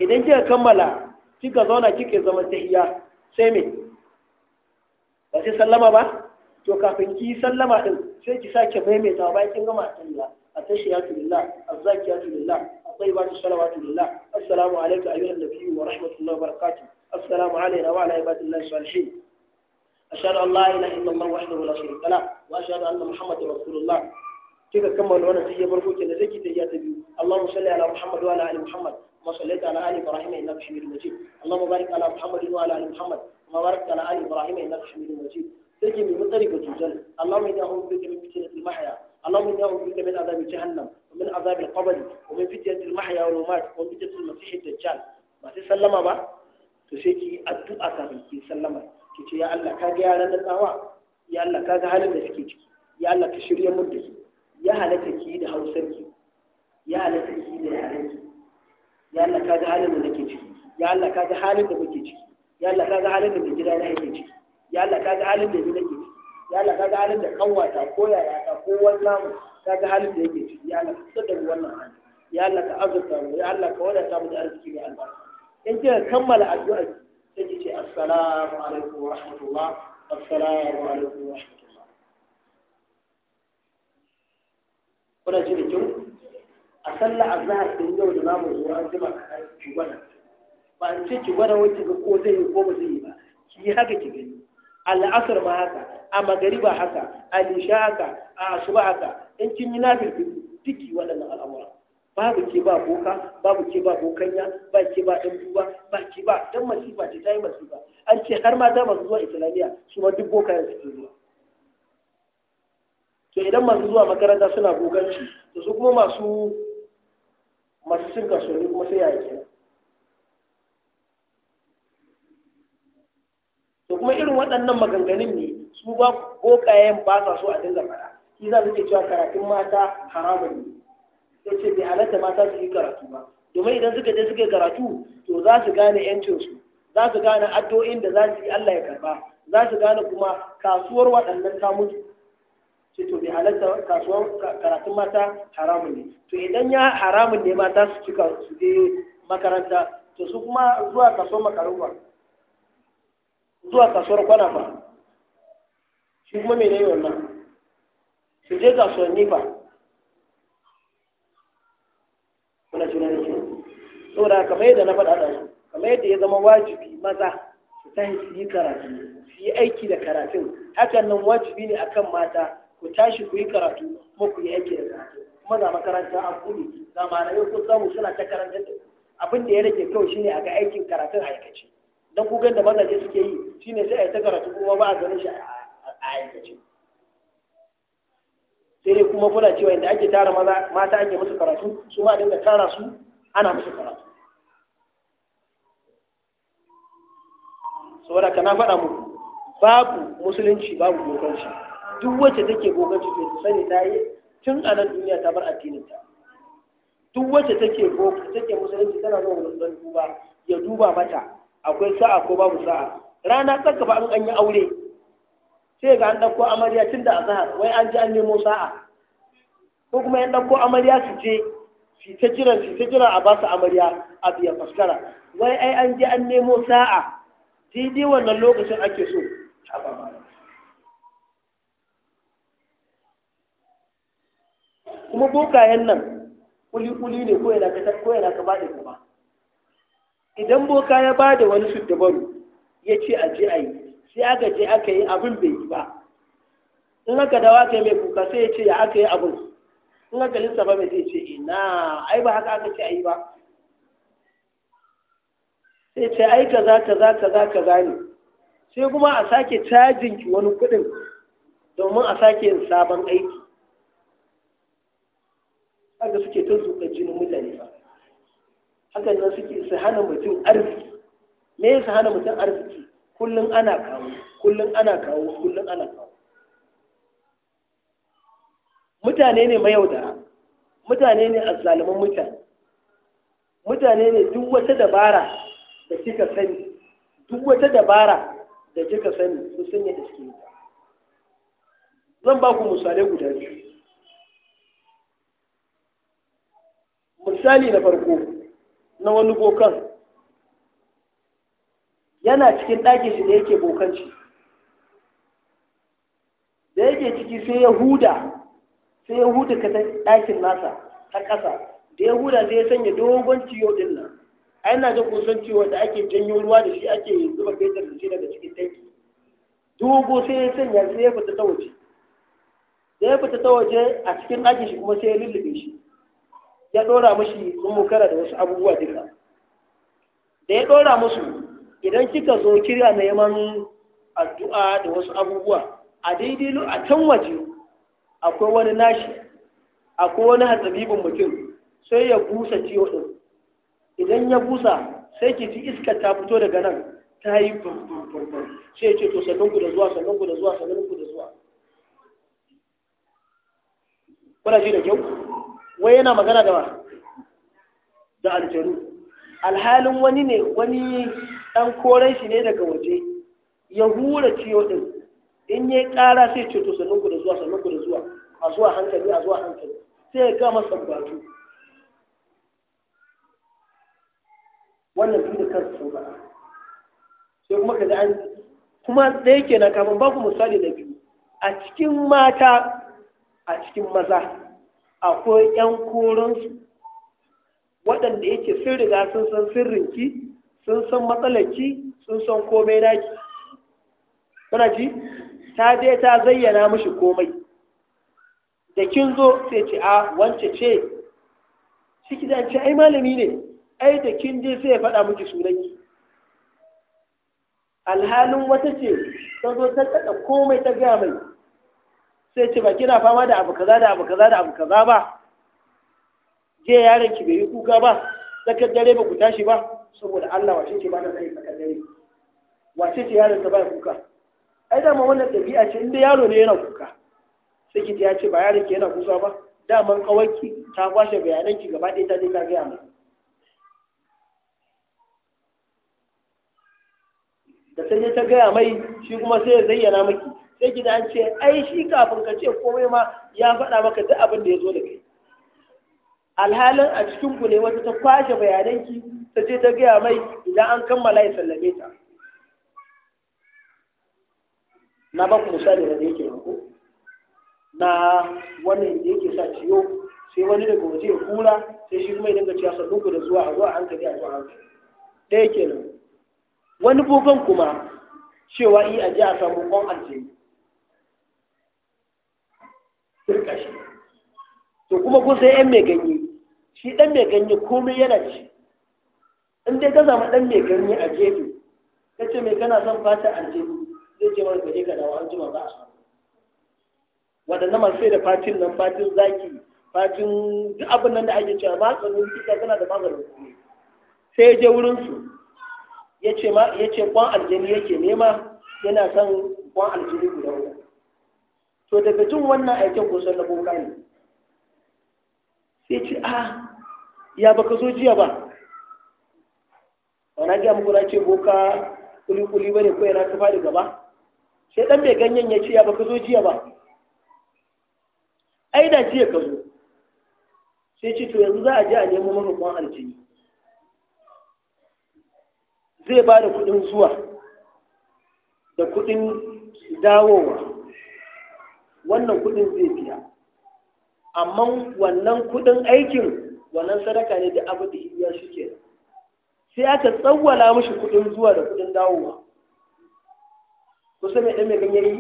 S1: idan kika kammala kika zauna kike zaman tahiya sai me ba sai sallama ba to kafin ki sallama din sai ki sake maimaita bayan kin gama tahiya attashiyatu lillah azzakiyatu lillah طيبات الصلوات لله السلام عليك أيها النبي ورحمة الله وبركاته السلام علينا وعلى عباد الله الصالحين أشهد أن لا إله إلا الله وحده لا شريك له وأشهد أن رسول الله kika kammala wannan sai ya farko ke da zaki da ta biyu Allahumma salli ala Muhammad wa ala ali Muhammad ma sallaita ala ali Ibrahim innaka Hamidum Majid Allahumma barik ala Muhammad wa ala ali Muhammad ma barakta ala ali Ibrahim innaka Hamidum Majid sai ki mu tsari ga tutal Allahumma inna a'udhu bika min fitnatil اللهم إني أعوذ بك من عذاب جهنم ومن عذاب القبر ومن فتنة المحيا والممات ومن فتنة المسيح الدجال ما تسلم با تسيكي الدعاء كافي كي سلم كي يا الله كاجي على الدعوة يا الله كاجي حالين da suke ciki ya Allah ka shirye mun da su ya halatta ki da hausar ki ya halatta ki da yaren ya Allah ka ga halin da nake ciki ya Allah ka ga halin da ciki ya Allah ka ga halin da ciki ya Allah ka ga halin da ka kaga halin da kanwata ko ya ta ko wannan kaga halin da yake ciki yala ka da wannan hali yala ka azurta mu Ya Allah ka ta mu da arziki da albarka in kika kammala addu'a sai ki ce assalamu alaikum wa rahmatullah assalamu alaikum wa rahmatullah kuna ji da kyau a sallar azhar din yau da namu zuwa an jima ki gwada ba an ce ki gwada wacce ko zai yi ko ba zai yi ba ki yi haka ki gani al'asr ma haka a magariba haka a lisha haka a asuba haka in kin yi nafil duki waɗannan al'amura babu ke ba boka babu ke ba bokanya ba ke ba ɗan duba ba ke ba dan masifa ce ta yi masifa an ce har mata masu zuwa islamiyya su ma duk yanzu ke zuwa to idan masu zuwa makaranta suna boganci to su kuma masu masu cin kasuwanni kuma sai yaya kenan to kuma irin waɗannan maganganun ne su ba bokayen ba sa so a dinga fara shi za su ce cewa karatun mata haramun ne sai ce bai halatta mata su yi karatu ba domin idan suka je suka karatu to za su gane su za su gane addu'o'in da za su yi Allah ya karba za su gane kuma kasuwar waɗannan ta mutu to bai halatta kasuwar karatun mata haramun ne to idan ya haramun ne mata su cika su je makaranta to su kuma zuwa kasuwar makarantar zuwa kasuwar kwana ba shi kuma mene wannan su je kasuwanni fa kuna tuna da kyau saboda kamar yadda na faɗa da su kamar yadda ya zama wajibi maza su tashi su yi karatu su yi aiki da karatun hakan nan wajibi ne akan mata ku tashi ku yi karatu kuma ku yi aiki da karatu kuma za makaranta a kuɗi za malamai ko samu suna ta karantar da abin da ya rage kyau shine a ga aikin karatun aikace dan kugan da mazaje suke yi shine sai a yi ta karatu kuma ba a ganin shi a aikace sai dai kuma kuna cewa inda ake tara maza mata ake musu karatu su ma dinga tara su ana musu karatu saboda kana faɗa muku babu musulunci babu gogonci duk wacce take gogonci to ta sani ta yi tun a nan duniya ta bar addinin ta duk wacce take take musulunci tana zuwa wurin duba ya duba mata akwai sa'a ko babu sa'a rana tsaka ba an yi aure sai ga an ɗauko amarya tun da azahar wai an ji an nemo sa'a ko kuma yan ɗauko amarya su je su ta jira su ta jira a basu amarya a biya faskara wai ai an ji an nemo sa'a daidai wannan lokacin ake so kuma bokayen nan kuli-kuli ne ko yana ka ko yana ka da kuma idan boka ya ba da wani su dabaru ya ce a je a yi sai aka ce aka yi abin bai yi ba in aka dawa aka mai kuka sai ya ce ya aka yi abin in aka lissafa mai zai ce ina ai ba haka aka ce a yi ba sai ce ai kaza kaza kaza kaza ne sai kuma a sake cajin ki wani kuɗin domin a sake yin sabon aiki haka suke ta zuƙa jinin mutane ba haka nan suke su hana mutum arziki me su hana mutum arziki kullum ana kawo kullum ana kawo kullum ana kawo mutane ne yaudara, mutane ne azzaliman mutane mutane ne duk wata dabara da kika sani duk wata dabara da kika sani su sun yi iske zan ba ku misalai guda biyu misali na farko na wani gokan yana cikin ɗakin shi da yake bokanci da yake ciki sai ya huda sai ya huda ka ɗakin nasa ta ƙasa da ya huda sai ya sanya dogon ciyo ɗin nan a yana jin kusan ciwo da ake janyo ruwa da shi ake zuba fetur da shi daga cikin tanki dogo sai ya sanya sai ya fita ta waje da ya fita ta waje a cikin ɗakin shi kuma sai ya lullube shi ya ɗora mashi tsummokara da wasu abubuwa duka da ya ɗora musu idan kika zo kira neman addu'a da wasu abubuwa a daidai a can waje akwai wani nashi akwai wani hatsabibin mutum sai ya busa ciwo ɗin idan ya busa sai ki ji iska ta fito daga nan ta yi furfurfurfur sai ce to sannan ku da zuwa sannan ku da zuwa sannan ku da zuwa kuna ji da kyau wai yana magana da wa da aljanu alhalin wani ne wani an koren shi ne daga waje ya hura ciyo din in yi ƙara sai ce to sannan ku da zuwa sannan ku da zuwa a zuwa hankali a zuwa hankali sai ya kama sabbatu. wannan biyu da kansa sun sai kuma kaga an kuma da yake na kafin ba ku misali da biyu a cikin mata a cikin maza akwai 'yan koransu waɗanda yake sun riga sun san sirrinki sun san matsalarki sun san komai daki kuna ji ta je ta zayyana mishi komai da kin zo sai ce a wance ce shi gidan ce ai malami ne ai da kin je sai ya faɗa miki sunanki alhalin wata ce ta zo ta kada komai ta gaya mai sai ce ba kina fama da abu kaza da abu kaza da abu kaza ba je yaron ki bai yi kuka ba tsakar dare ba ku tashi ba saboda Allah wace ce ba ta tsaye tsakar dare wace ce yaron ta ba kuka ai dama wannan tabi'a ce inda yaro ne yana kuka sai ki ya ce ba yaron ki yana kusa ba dama kawaki ta kwashe bayanan ki gaba ɗaya ta je ta gaya mai da sai ta gaya mai shi kuma sai ya zayyana maki sai gida an ce ai shi kafin ka ce komai ma ya faɗa maka duk abin da ya zo da kai alhalin a cikin ku ne wata ta kwashe bayananki ta je ta gaya mai idan an kammala ya sallame ta na ba ku misali da yake yanko na wani da yake sa ciyo sai wani daga waje ya kura sai shi kuma ya dinga cewa sannu ku da zuwa a zuwa hankali a zuwa hankali yake nan wani bogon kuma cewa yi a ji a samu kwan aljini turka to kuma kun yan mai ganye shi dan mai ganye komai yana ci in dai ka zama dan mai ganye a gefe ka ce mai kana son fata aljihu zai ce wani gari ka dawo an jima ba a samu waɗannan masu sai da fatin nan fatin zaki fatin duk abin nan da ake cewa ba maganin kika kana da maganin kuma sai je wurin su ya ce ma ya ce kwan aljini yake nema yana son kwan aljini guda guda to daga jin wannan aikin kusan na boka ne sai ce a ah, ya baka zo jiya ba wana ga muku na ce boka kuli kuli bane ko yana tufa da gaba sai dan mai ganyen ya ce ya baka zo jiya ba ai da jiya ka zo sai ce to yanzu za a je a nemo kwan aljini zai ba da kuɗin zuwa da kuɗin dawowa wannan kuɗin zai biya amma wannan kuɗin aikin wannan sadaka ne da abu da iya shi kenan sai aka tsawwala mashi kuɗin zuwa da kuɗin dawowa kusa mai ɗan mai ganyari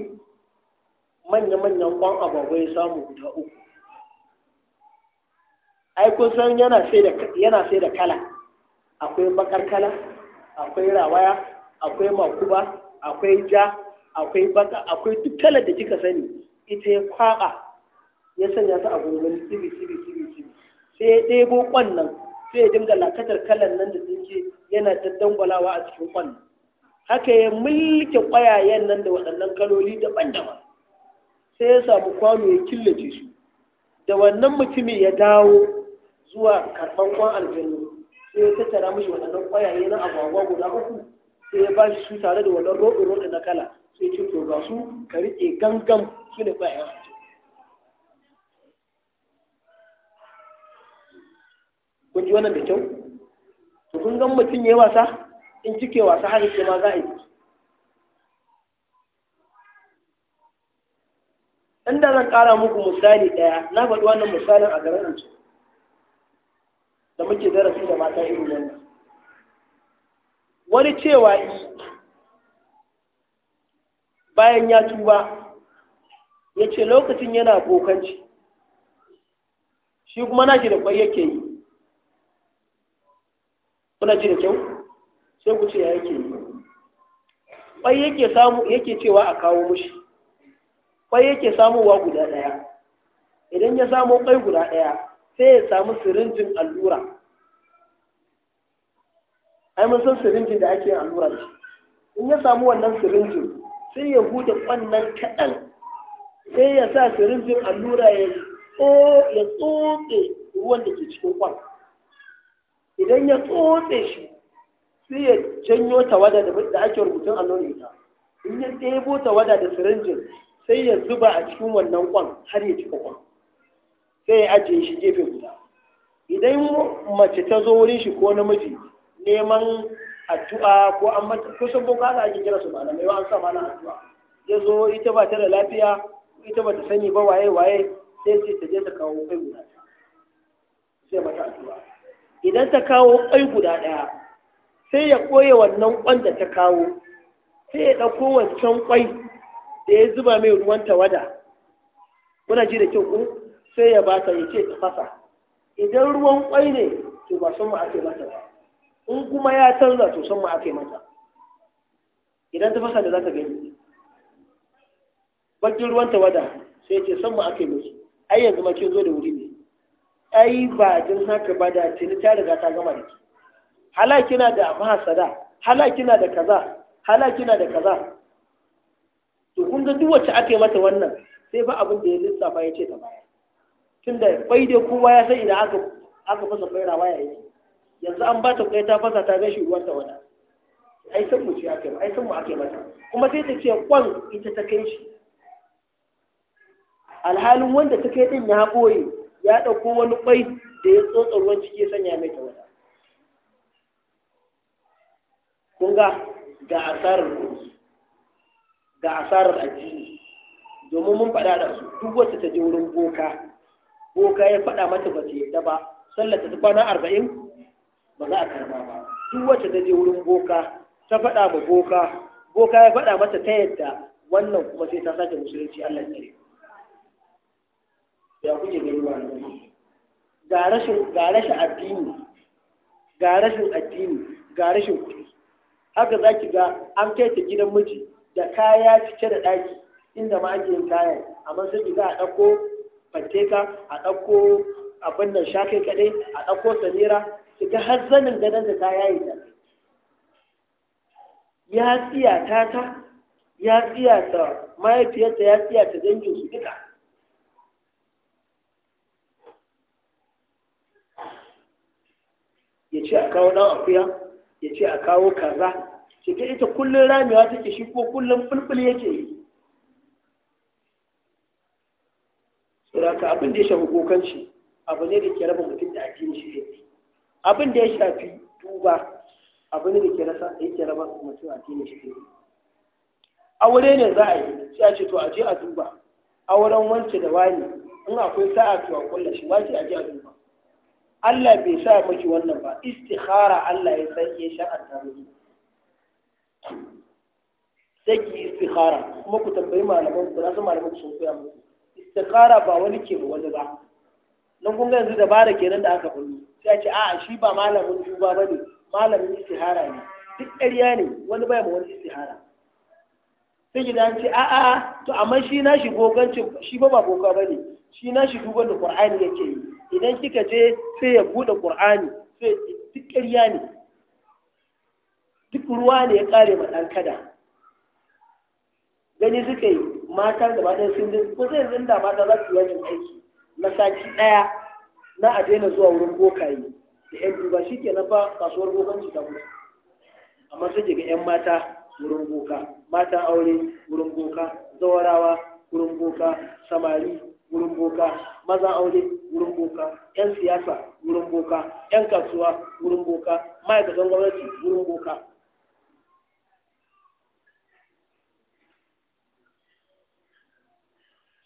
S1: manya-manyan kwan ababai ya samu guda uku ai kun san yana sai da kala akwai bakar kala akwai rawaya akwai makuba akwai ja akwai baka akwai duk kalar da kika sani ita ya kwaƙa ya sanya ta a gurbin tsibi tsibi tsibi sai ya ɗebo kwan nan sai ya dinga lakatar kalan nan da tsinke yana ta dangwalawa a cikin kwan haka ya mulke kwayayen nan da waɗannan kaloli daban-daban sai ya samu kwano ya killace su da wannan mutumin ya dawo zuwa karɓan kwan aljanu sai ya tattara mashi waɗannan kwayaye na agwagwa guda uku sai ya ba shi su tare da wannan roɗin roɗin na kala sai ya ce to ga su ka riƙe gangan su ne su kun ji wannan da kyau to kun gan mutum ya yi wasa in cike wasa har yake ma za a yi inda zan kara muku misali daya na faɗi wannan misalin a garin su da muke darasi da mata irin wannan wani cewa yi bayan ya tuba ya ce lokacin yana bokanci shi kuma nashi da kwai yake yi kuna ji da kyau sai ku ce ya yake yi kwai yake samu yake cewa a kawo mushi kwai yake samuwa guda ɗaya idan ya samo ƙwai guda ɗaya sai ya samu sirinjin allura ai mun san sirinjin da ake allura da shi in ya samu wannan sirinjin sai ya huda ƙwannan kaɗan sai ya sa sirinjin allura ya tsoɓe tsotse ruwan da ke cikin kwan idan ya tsotse shi sai ya janyo tawada da ake rubutun allon ita in ya ɗebo tawada da sirinjin sai ya zuba a cikin wannan kwan har ya cika kwan sai ya ajiye shi gefe guda idan mace ta zo wurin shi ko namiji neman addu'a ko an mata kusan boko haka ake kira su malamai wa an sa malam addu'a ya zo ita ba ta da lafiya ita ba ta sani ba waye waye sai ce ta je ta kawo kai guda sai mata addu'a idan ta kawo ƙwai guda ɗaya sai ya ɓoye wannan ƙwan da ta kawo sai ya ɗauko wancan ƙwai da ya zuba mai ruwan tawada kuna ji da kyau sai ya bata ya ce tafasa idan ruwan ƙwai ne to ba sun ma ake mata ba in kuma ya canza to sun ma ake mata idan ta fasa da za ta gani bakin ruwan tawada sai ya ce sun ma ake musu ai yanzu ma zo da wuri ne ai ba don haka ba da tuni ta riga ta gama da ke halaki na da mahasada halaki na da kaza halaki na da kaza to kun ga duk wacce aka yi mata wannan sai fa abin da ya lissafa ya ce ta baya tunda bai dai kowa ya san idan aka aka fasa bayar waya ya yi yanzu an ba ta kai ta fasa ta gashi ruwan ta wata ai san mu ce aka yi ai san mu aka yi mata kuma sai ta ce kwan ita ta kai shi alhalin wanda ta kai din ya boye ya ɗauko wani ƙwai da ya tsotsa ruwan ciki ya sanya mai tawata. kun ga ga asarar kuɗi ga asarar addini domin mun faɗa da su duk wata ta je wurin boka boka ya faɗa mata ba ta yadda ba sallar ta kwana arba'in ba za a karba ba duk wata ta je wurin boka ta faɗa ba boka boka ya faɗa mata ta yadda wannan kuma sai ta sake musulunci Allah ya tsare ya kuke gani wani ga rashin ga rashin addini ga rashin addini ga rashin kuɗi haka za ki ga an kai ta gidan miji da kaya cike da ɗaki inda ma ake yin kaya amma sai ki ga a ɗauko fateka a ɗauko abin nan shakai kaɗai a ɗauko samira ki ga har zanin gadon da ta yi ta ya tsiya ta ta ya tsiya ta mahaifiyarta ya tsiya ta dangin su duka ya ce a kawo ɗan akuya ya ce a kawo kaza ce ta ita kullum ramewa take shi ko kullum fulful yake yi tsiraka abin da ya shafi kokanci abu ne da ke raba mutum da ake shi ne abin da ya shafi duba abu ne da ke rasa ke raba mutum addini shi ne aure ne za a yi sai a ce to a je a duba auren wance da wani in akwai sa'a to a kulla shi wace a je a duba Allah bai sa miki wannan ba istikhara Allah ya san ya sha'anta miki sai ki istikhara kuma ku tambayi malaman ku na san malaman ku sun koya muku istikhara ba wani ke ba wani ba nan kun ga yanzu dabara kenan da aka bari. sai a ce a'a shi ba malamin duba bane malamin istikhara ne duk ƙarya ne wani bai ma wani istikhara sai ki dan ce a'a to amma shi na shi gogancin shi ba ba goga bane shi na shi duban da Qur'ani yake yi idan kika je sai ya bude qur'ani sai duk ƙarya ne duk ruwa ne ya kare ma dan kada gani suka yi matar da matan sun din ko sai yanzu da mata za su yi aiki na sati daya na a daina zuwa wurin bokaye da yan duba na fa kasuwar bokanci ta mutu amma sai ga yan mata wurin boka mata aure wurin boka zawarawa wurin boka samari wurin boka maza aure wurin boka yan siyasa wurin boka yan kasuwa wurin boka ma'aikatan gwamnati wurin boka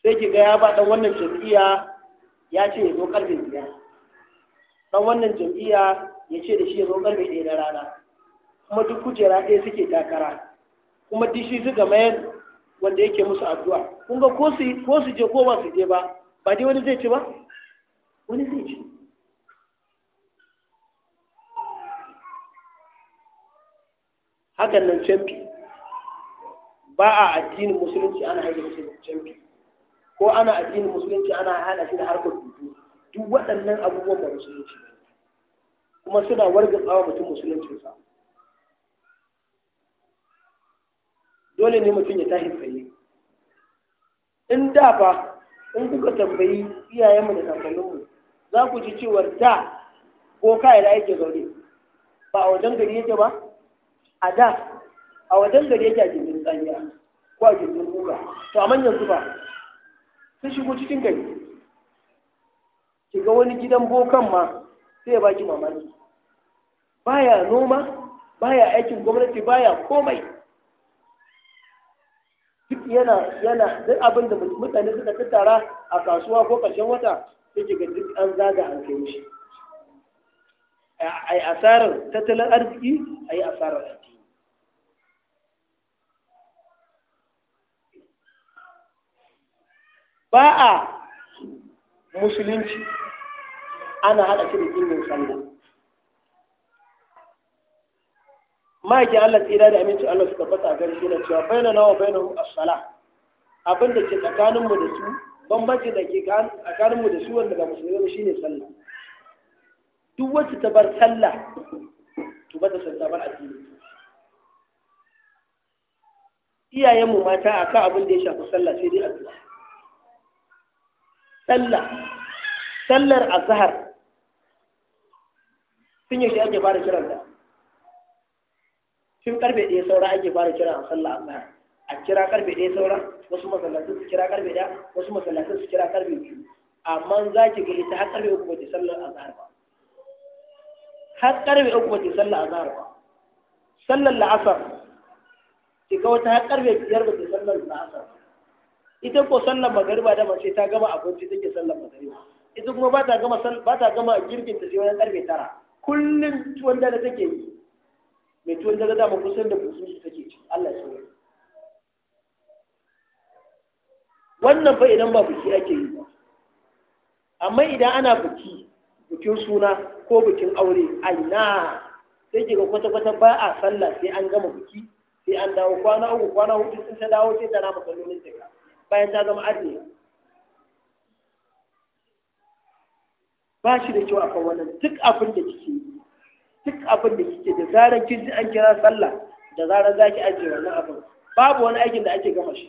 S1: sai ki ga ya ba dan wannan jam'iyya ya ce ya zo karfe biyar dan wannan jam'iyya ya ce da shi ya zo karfe ɗaya na rana kuma duk kujera ɗaya suke takara kuma duk shi suka mayar wanda yake musu addu'a kun ga ko su ko su je ko ba su je ba ba dai wani zai ci ba wani zai ci hakan nan canfi ba a addinin musulunci ana haɗe da canfi ko ana addinin musulunci ana hana shi da harkar dubu duk waɗannan abubuwan da musulunci kuma suna warga mutum mutum musuluncinsa dole ne mutum ya tashi tsaye in da fa in kuka tambayi iyayenmu da mu za ku ji cewar da ko kai da yake zaune ba a wajen gari yake ba a da a wajen gari yake a gindin tsaniya ko a gindin kuka to a manyan su ba sun shigo cikin gari shiga wani gidan bokan ma sai ya baki mamaki baya noma baya aikin gwamnati baya komai yana yana duk abin da mutane suka tattara a kasuwa ko ƙarshen wata suke ga duk an zaga an kai shi ai asarar tattalin arziki ai asarar ba a musulunci ana haɗa shi da ilimin sallah ma'aikin Allah tsira da aminci Allah su tabbata a gari na cewa baina nawa baina na as-sala abin da ke tsakanin mu da su bambanci da ke tsakanin mu da su wanda ga musulmi ba shine sallah duk wacce ta bar sallah to ba ta san ta bar addini iyayen mu mata akan abin da ya shafi sallah sai dai addu'a sallah sallar azhar sun yaushe ake fara kiranta tun karfe ɗaya saura ake fara kira a sallah azhar a kira karfe ɗaya saura wasu masallacin su kira karfe ɗaya wasu masallacin su kira karfe biyu amma za ki gani ta har karfe uku bata sallar azhar ba har karfe uku bata sallar azhar ba sallar la'asar ki ga wata har karfe biyar bata sallar la'asar ita ko sallar magariba da mace ta gama abinci take sallar magariba ita kuma ba ta gama girkin ta sai wani karfe tara kullum tuwon da take yi mai tuwon daga dama kusan da busun su take ci Allah ya wannan fa idan ba buki ake yi ba amma idan ana buki bukin suna ko bukin aure aina sai ga kwata-kwata ba a sallah sai an gama buki sai an dawo kwana uku kwana hudu sun ta dawo sai ta rama kallolin jika bayan ta zama arniya ba shi da kyau a kan wannan duk abin da kike yi duk abin da kike da zarar kin ji an kira sallah da zarar zaki aje wannan abin babu wani aikin da ake gama shi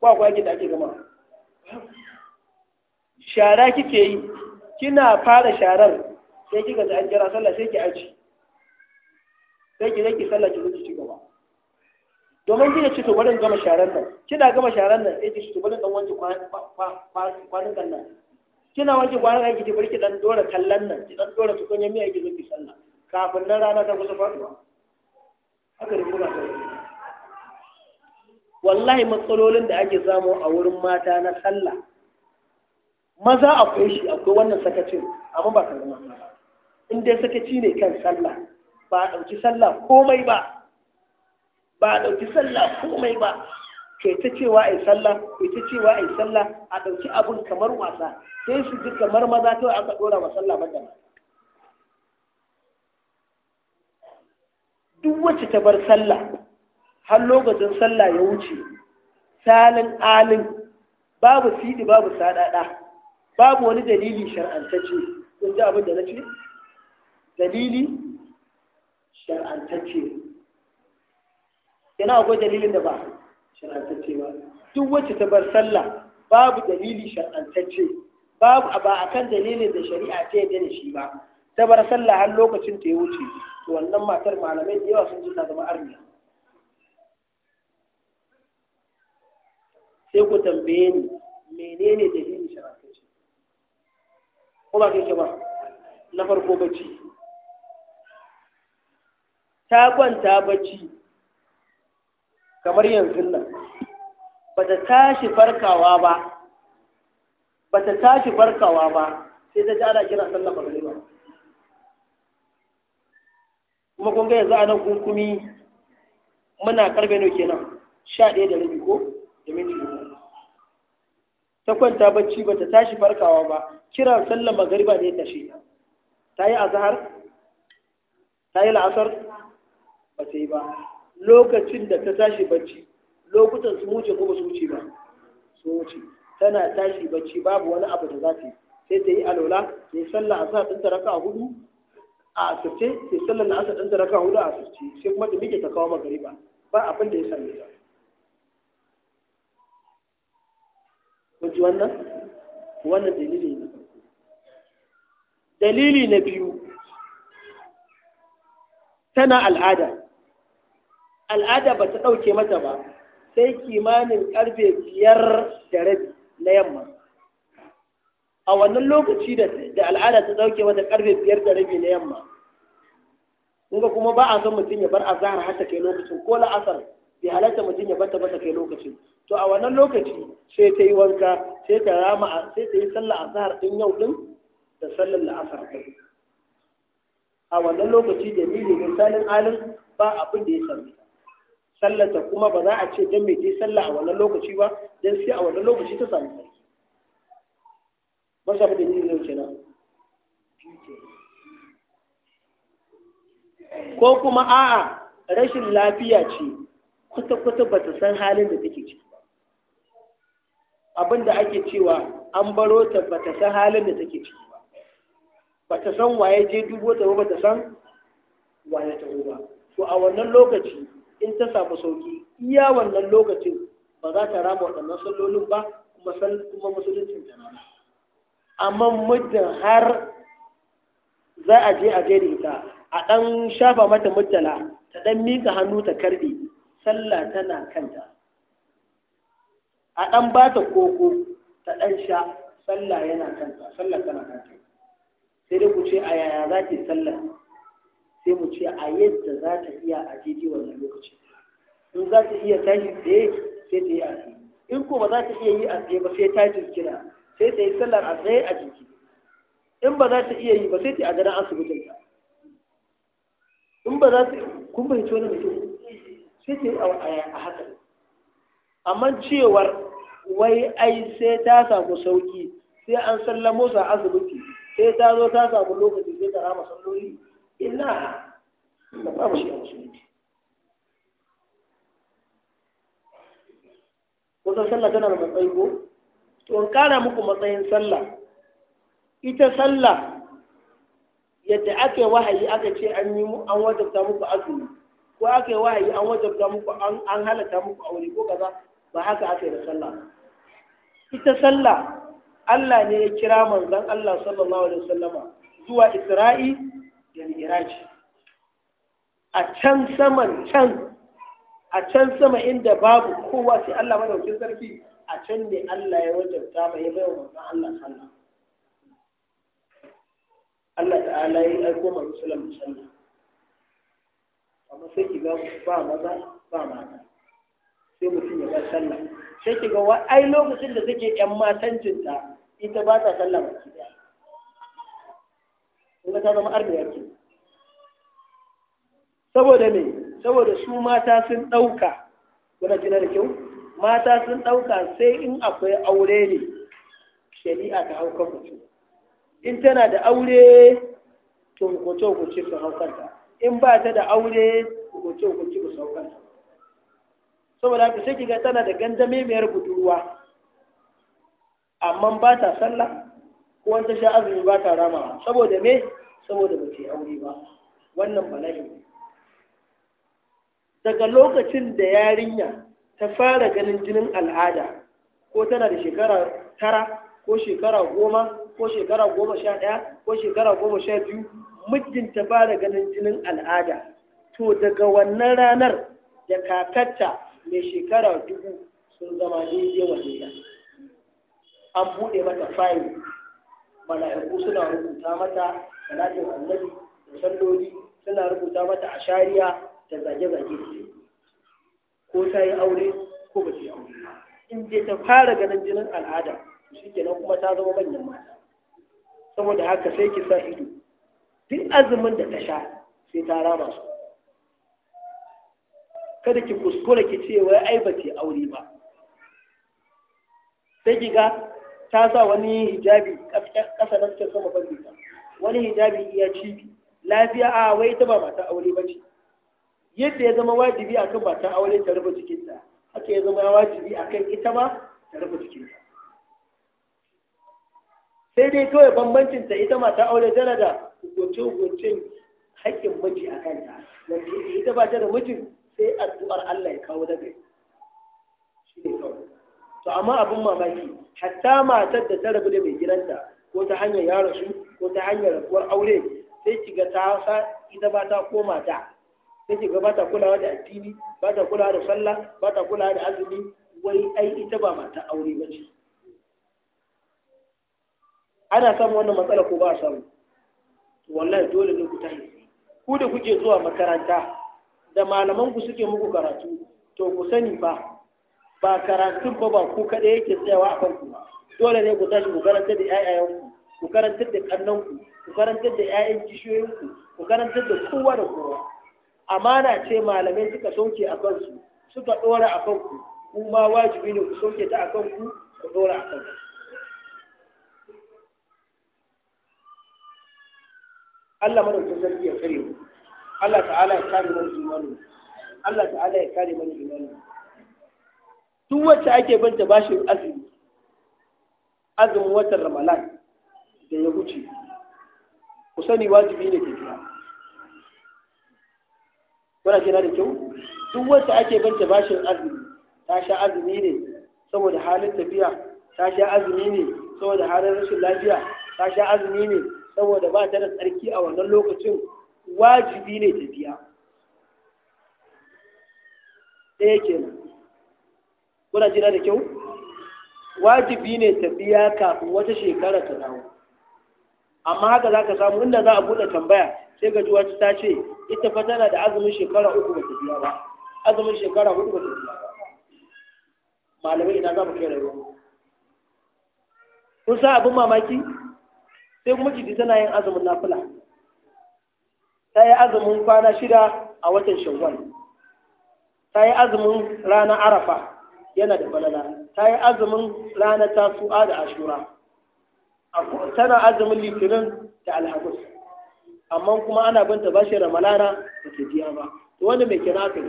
S1: ko akwai aikin da ake gama shara kike yi kina fara sharar sai kika ji an kira sallah sai ki aji sai ki zaki sallah ki zuci gaba domin kika ci to gama sharar nan kina gama sharar nan sai ki ci to bari dan wanke kwanukan nan kina wanke kwanan aiki ki barki dan dora kallon nan ki dan dora tukunya miya ki zo ki sallah kafin nan rana ta kusa faduwa haka ne kuma wallahi matsalolin da ake samu a wurin mata na sallah maza akwai shi akwai wannan sakacin amma ba kan nan. in dai sakaci ne kan sallah ba a ɗauki sallah komai ba ba a ɗauki sallah komai ba ke ta cewa ai sallah ke ta cewa ai sallah a ɗauki abun kamar wasa sai su ji kamar maza kawai aka ɗora wa sallah ba duk wacce ta bar sallah har lokacin sallah ya wuce salin alin babu sidi babu sadada babu wani dalili shar'antacce kun ji abin da na ce dalili shar'antacce yana akwai dalilin da ba shar'antacce ba duk wacce ta bar sallah babu dalili shar'antacce babu ba a kan dalilin da shari'a ta yadda da shi ba ta bar sallah har lokacin ta ya wuce to wannan matar malamai da yawa sun jinna zama arniya sai ku tambaye ni menene dalilin shar'antacce ko ba kai ba na farko bacci ta kwanta bacci kamar yanzu nan bata tashi farkawa ba bata tashi farkawa ba sai ta ji ana kira sallar magariba kuma kun ga yanzu a nan kunkumi muna karfe ne kenan sha ɗaya da rabi ko da minti ne ta kwanta bacci bata tashi farkawa ba kiran sallar magariba ne ta shi ta yi azhar ta yi la'asar ba ta yi ba lokacin da ta tashi bacci lokutan su wuce ko su wuce ba su wuce tana tashi bacci babu wani abu da za ta yi sai ta yi alola ta yi sallah a sa'adin ta raka hudu a asirce ta yi sallah na asirce ta raka hudu a asirce sai kuma ta miƙe ta kawo magariba ba abin da ya same ta Wajen wannan wannan dalili ne dalili na biyu tana al'ada al'ada ba ta ɗauke mata ba sai kimanin karfe biyar da rabi na yamma a wannan lokaci da al'ada ta dauke mata karfe biyar da rabi na yamma kunga kuma ba a son mutum ya bar azahar har ta kai lokacin ko la'asar bai halatta mutum ya bata ba ta kai lokacin to a wannan lokaci sai ta yi wanka sai ta rama sai ta yi sallah azahar din yau din da sallar la'asar kai a wannan lokaci da ne misalin alin ba abin da ya sami sallata kuma ba za a ce don mai je sallah a wannan lokaci ba don sai a wannan lokaci ta samu sarki ba sa fi da ni zai kenan ko kuma a'a rashin lafiya ce kwata-kwata ba ta san halin da take ciki abin da ake cewa an baro ta ba ta san halin da take ciki ba ta san waye je dubo ta ba ta san waye ta ba to a wannan lokaci in ta samu sauki iya wannan lokacin ba za ta rama waɗannan sallolin ba kuma kuma musuluncin ta amma muddin har za a je a je da ita a ɗan shafa mata mutala ta ɗan miƙa hannu ta karɓe sallah tana kanta a ɗan ba ta koko ta ɗan sha sallah yana kanta sallah tana kanta sai dai ku ce a yaya za ki sallah sai mu ce a yadda za ta iya a daidai wannan lokaci, in za ta iya tashi tsaye sai ta yi a tsaye in ko ba za ta iya yi a tsaye ba sai ta jirkina sai ta yi sallar a tsaye a jiki in ba za ta iya yi ba sai ta yi a ganin asibitin ta in ba za ta kun bai wani mutum sai ta yi a haka amma cewar wai ai sai ta samu sauki sai an sallamo sa asibiti sai ta zo ta samu lokaci sai ta rama salloli ina da babu shi a sallah tana da matsayi ko to in kara muku matsayin sallah ita sallah yadda aka yi wahayi aka ce an yi an wajabta muku azumi ko aka yi wahayi an wajabta muku an halatta muku aure ko kaza ba haka aka yi da sallah ita sallah Allah ne ya kira manzon Allah sallallahu alaihi wasallama zuwa Isra'i da mi'raj a can saman can a can sama inda babu kowa sai Allah madaukakin sarki a can ne Allah ya wajabta mai ya bai wa Allah sallah Allah ta'ala ya aiko mai musulun musulun amma sai ki ga ba maza ba mata sai mutum ya ga sallah sai ki ga wa ai lokacin da take yan matan jinta ita ba ta sallah ba ki daya kuma ta zama arniya ke saboda me saboda su mata sun ɗauka wani jina da kyau mata sun ɗauka sai in akwai aure ne shari'a ta haukan mutum in tana da aure to hukunce hukunce su haukanta in ba ta da aure hukunce hukunce su haukanta saboda haka sai ga tana da gandamemiyar budurwa amma ba ta sallah ko sha azumi ba ta rama saboda me saboda ba ce aure ba wannan bala'i daga lokacin da yarinya ta fara ganin jinin al'ada ko tana da shekara tara ko shekara goma ko shekara goma sha ɗaya ko shekara goma sha biyu mijin ta fara ganin jinin al'ada to daga wannan ranar da kakatta mai shekara dubu sun zama daidai wa an buɗe mata fayil mala'iku suna rubuta mata salatin annabi da salloli suna rubuta mata a shariya da zage-zage ko ta yi aure ko ba ta yi aure in dai ta fara ganin jinin al'ada shi kenan kuma ta zama manyan mata saboda haka sai ki sa ido duk azumin da ta sha sai ta rama su kada ki kuskura ki ce wai ai ba ta aure ba sai ki ga ta sa wani hijabi ƙasa na cikin sama ban ta wani hijabi ya ci lafiya a wai ita ba mata aure ba ce yadda ya zama wajibi akan mata aure ta rufe jikinta haka ya zama wajibi akan ita ma ta rufe jikinta sai dai kawai bambancinta ita ita ta aure tana da hukunce-hukuncen haƙƙin miji a kanta wanda ita ba ta da mijin sai addu'ar Allah ya kawo daga shi ne kawai to amma abin mamaki hatta matar da ta rabu da mai gidanta ko ta hanyar ya rasu ko ta hanyar rabuwar aure sai ga ta sa ita ba ta koma ta sai ga ba ta kulawa da addini ba ta kulawa da sallah ba ta kulawa da azumi wai ai ita ba mata aure ba ce ana samun wannan matsala ko ba samu wallahi dole ne ku tafi ku da kuke zuwa makaranta da malaman ku suke muku karatu to ku sani ba ba karatun ba ba ku kaɗai yake tsayawa a kanku dole ne ku tashi ku karantar da 'ya'yanku ku karantar da ƙannanku ku karantar da 'ya'yan kishiyoyinku ku karantar da kowa da kowa amana ce malamai suka sauke a kansu suka ɗora a kanku kuma wajibi ne ku sauke ta a kanku ku ɗora a kanku Allah madaukakin sarki ya kare mu Allah ta'ala ya kare mana Allah ta'ala ya kare mana imani duk wacce ake banta bashi azumi azumin watan ramalan da ya wuce ku sani wajibi ne ke biya kuna jina da kyau duk wacce ake banta bashin azumi ta sha azumi ne saboda halin tafiya ta sha azumi ne saboda halin rashin lafiya ta sha azumi ne saboda ba ta da tsarki a wannan lokacin wajibi ne ta biya ɗaya kenan kuna jira da kyau wajibi ne tafiya kafin wata shekara ta dawo amma haka za ka samu inda za a buɗe tambaya sai ga juwa ta ce ita fa tana da azumin shekara uku ba ta biya ba azumin shekara uku ba ta biya ba malamai ina za mu kai rayuwa kun sa abin mamaki sai kuma kiji tana yin azumin nafila ta yi azumin kwana shida a watan shawwal ta yi azumin rana arafa yana da falala ta yi azumin ranar tasu'a da ashura tana azumin litinin da alhamis amma kuma ana binta bashi ramalana da ke biya ba to wanda mai kira ka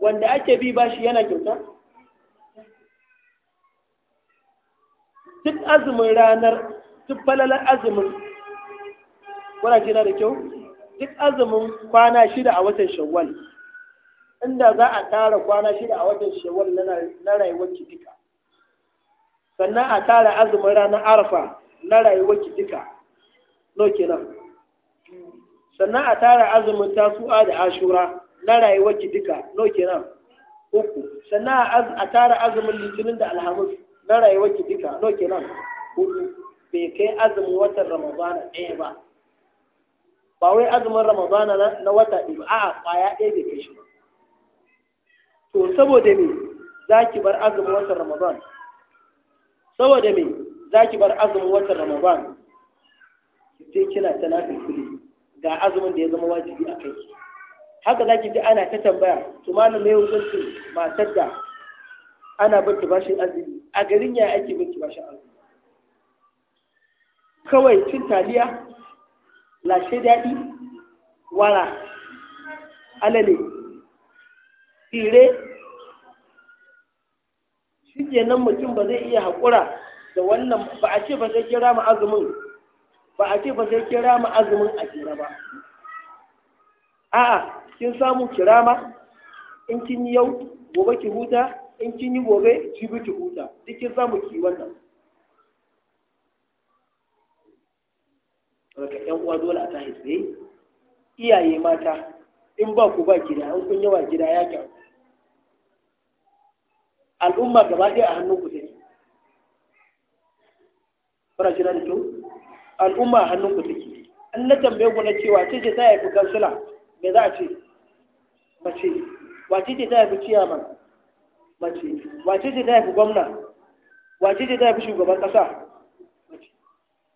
S1: wanda ake bi bashi yana kyauta duk azumin ranar duk falalar azumin kuna kira da kyau duk azumin kwana shida a watan shawwal inda za a tara kwana shida a watan shawwal na rayuwar ki duka sannan a tara azumin ranar arafa na rayuwar ki duka no kenan sannan a tara azumin tasu'a da ashura na rayuwar ki duka no kenan uku sannan a tara azumin litinin da alhamis na rayuwar ki duka no kenan hudu bai kai azumin watan ramadana ɗaya ba ba wai azumin ramadana na wata ɗaya ba a'a ƙwaya ɗaya bai kai shi ba to saboda me za ki bar azumin watan ramadan saboda me za ki bar azumin watan ramadan sai kina ta da kuli ga azumin da ya zama wajibi a kai haka za ki ji ana ta tambaya to malam mai hukuncin matar da ana binta bashin azumi a garin ya ake binta bashin azumi kawai cin taliya lashe daɗi wara alale tsire shi kenan mutum ba zai iya haƙura da wannan ba a ce ba sai kira mu azumin ba a ce ba sai kira mu azumin a kira ba a'a kin samu kirama in kin yi yau gobe ki huta in kin yi gobe jibi ki huta duk kin samu ki wannan daga yan uwa dole a ta tsaye iyaye mata in ba ku ba gida an kun yawa gida ya kyau al'umma gaba ɗaya a hannun ku take fara shi da kyau al'umma a hannun ku take an na tambaye ku na cewa ce ce ta haifi kansila me za a ce mace wace ce ta haifi ciyaman mace wace ce ta haifi gwamna wace ce ta haifi shugaban ƙasa mace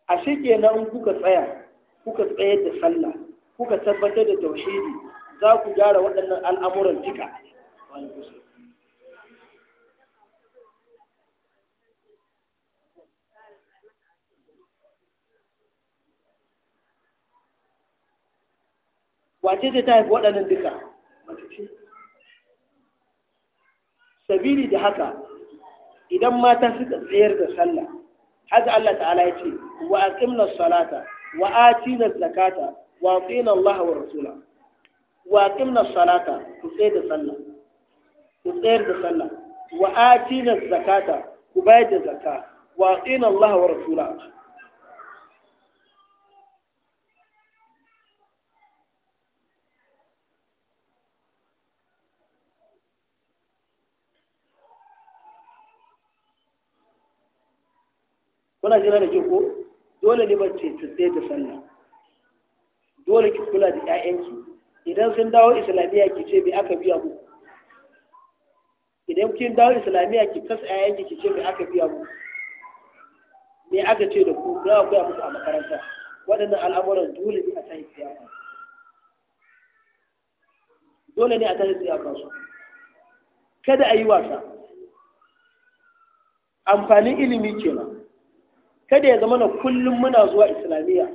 S1: a shi in kuka tsaya kuka tsayar da sallah kuka tabbatar da taushe za ku gyara waɗannan al'amuran jika? wani kusa wace ce ta haifi waɗannan duka sabili da haka idan mata suka tsayar da sallah haka Allah ta'ala ya ce wa aqimna salata wa atina zakata wa atina Allah wa rasula wa aqimna salata ku tsayar da sallah ku tsayar da sallah wa atina zakata ku bayar da zakka wa atina Allah wa rasula kuna jira da jiko? dole ne mace ta tsaye da sallah dole ki kula da ƴaƴanki idan sun dawo islamiyya ki ce me aka biya mu idan kin dawo islamiyya ki kasa ƴaƴanki ki ce me aka biya mu me aka ce da ku za ku koya musu a makaranta waɗannan al'amuran dole ne a tashi tsaya dole ne a tashi tsaya su kada a yi wasa amfanin ilimi kenan kada ya zama na kullum muna zuwa islamiyya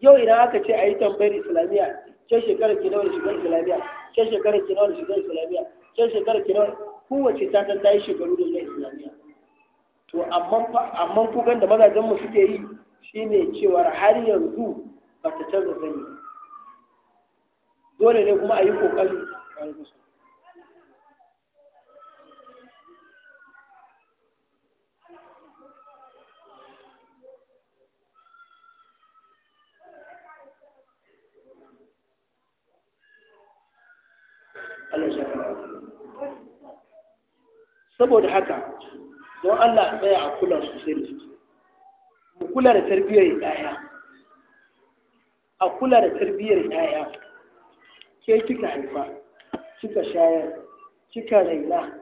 S1: yau idan aka ce a yi tambayar islamiyya ce shekarar ki nawa da shigar islamiyya ce shekarar ki nawa da shigar islamiyya ce shekarar ki nawa kowace ta san ta yi shekaru da zuwa islamiyya to amma amma kukan da mazajenmu suke yi shine cewar har yanzu ba ta canza sani dole ne kuma a yi kokari saboda haka don Allah a tsaya a kula sosai sosai mu kula da tarbiyyar ɗaya a kula da tarbiyyar ɗaya ke kika haifa kika shayar kika raina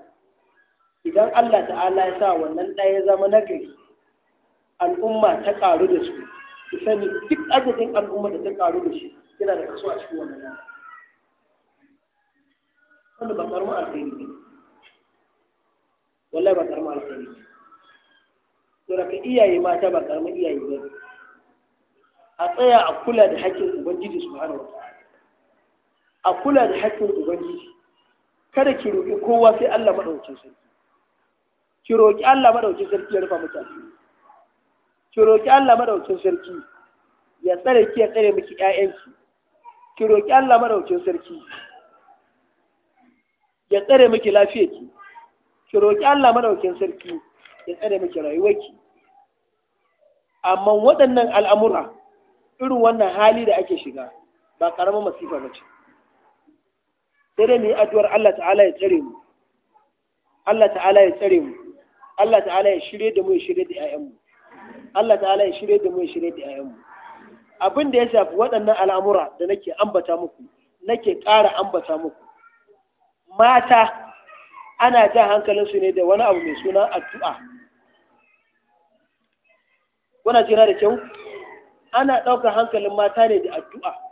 S1: idan Allah ta'ala ya sa wannan ɗaya zama nagari al'umma ta ƙaru da su ku sani duk adadin al'umma da ta ƙaru da shi yana da kaso a cikin wannan wanda ba wallahi ba karamin alkhairi to da ka iyaye mata ba karma iyaye ba a tsaya a kula da haƙƙin ubangiji subhanahu wa a kula da haƙƙin ubangiji kada ki roƙi kowa sai Allah madaukakin sarki ki roƙi Allah madaukakin sarki ya rufa mutane ki roƙi Allah madaukakin sarki ya tsare ki ya tsare miki ƴaƴanki ki roƙi Allah madaukakin sarki ya tsare miki lafiyarki ki roƙi Allah madaukin sarki ya tsare miki rayuwarki amma waɗannan al'amura irin wannan hali da ake shiga ba ƙaramin masifa ba ce sai dai mu yi addu'ar Allah ta'ala ya tsare mu Allah ta'ala ya tsare mu Allah ta'ala ya shirye da mu ya shirye da 'ya'yanmu Allah ta'ala ya shirye da mu ya shirye da 'ya'yanmu abin da ya shafi waɗannan al'amura da nake ambata muku nake ƙara ambata muku mata ana hankalin hankalinsu ne da wani abu mai suna addu'a kuna jira da kyau ana ɗaukar hankalin mata ne da addu'a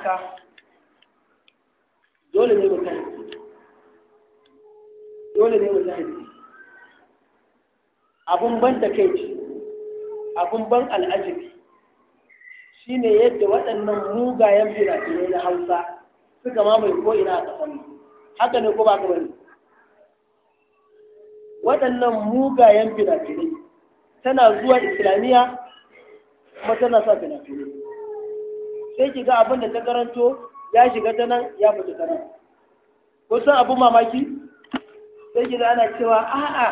S1: haka dole ne mutum dole ne mujahidi abun ban da kai ce abun ban al'ajabi shine yadda waɗannan mugayen fina-finai na hausa suka mamaye mai ina a ƙasar haka ne ko ba ka bane waɗannan mugayen fina-finai tana zuwa islamiyya kuma tana sa fina-finai sai ki ga abin da ta karanto ya shiga ta nan ya fita ta nan ko san abin mamaki sai ki ga ana cewa a'a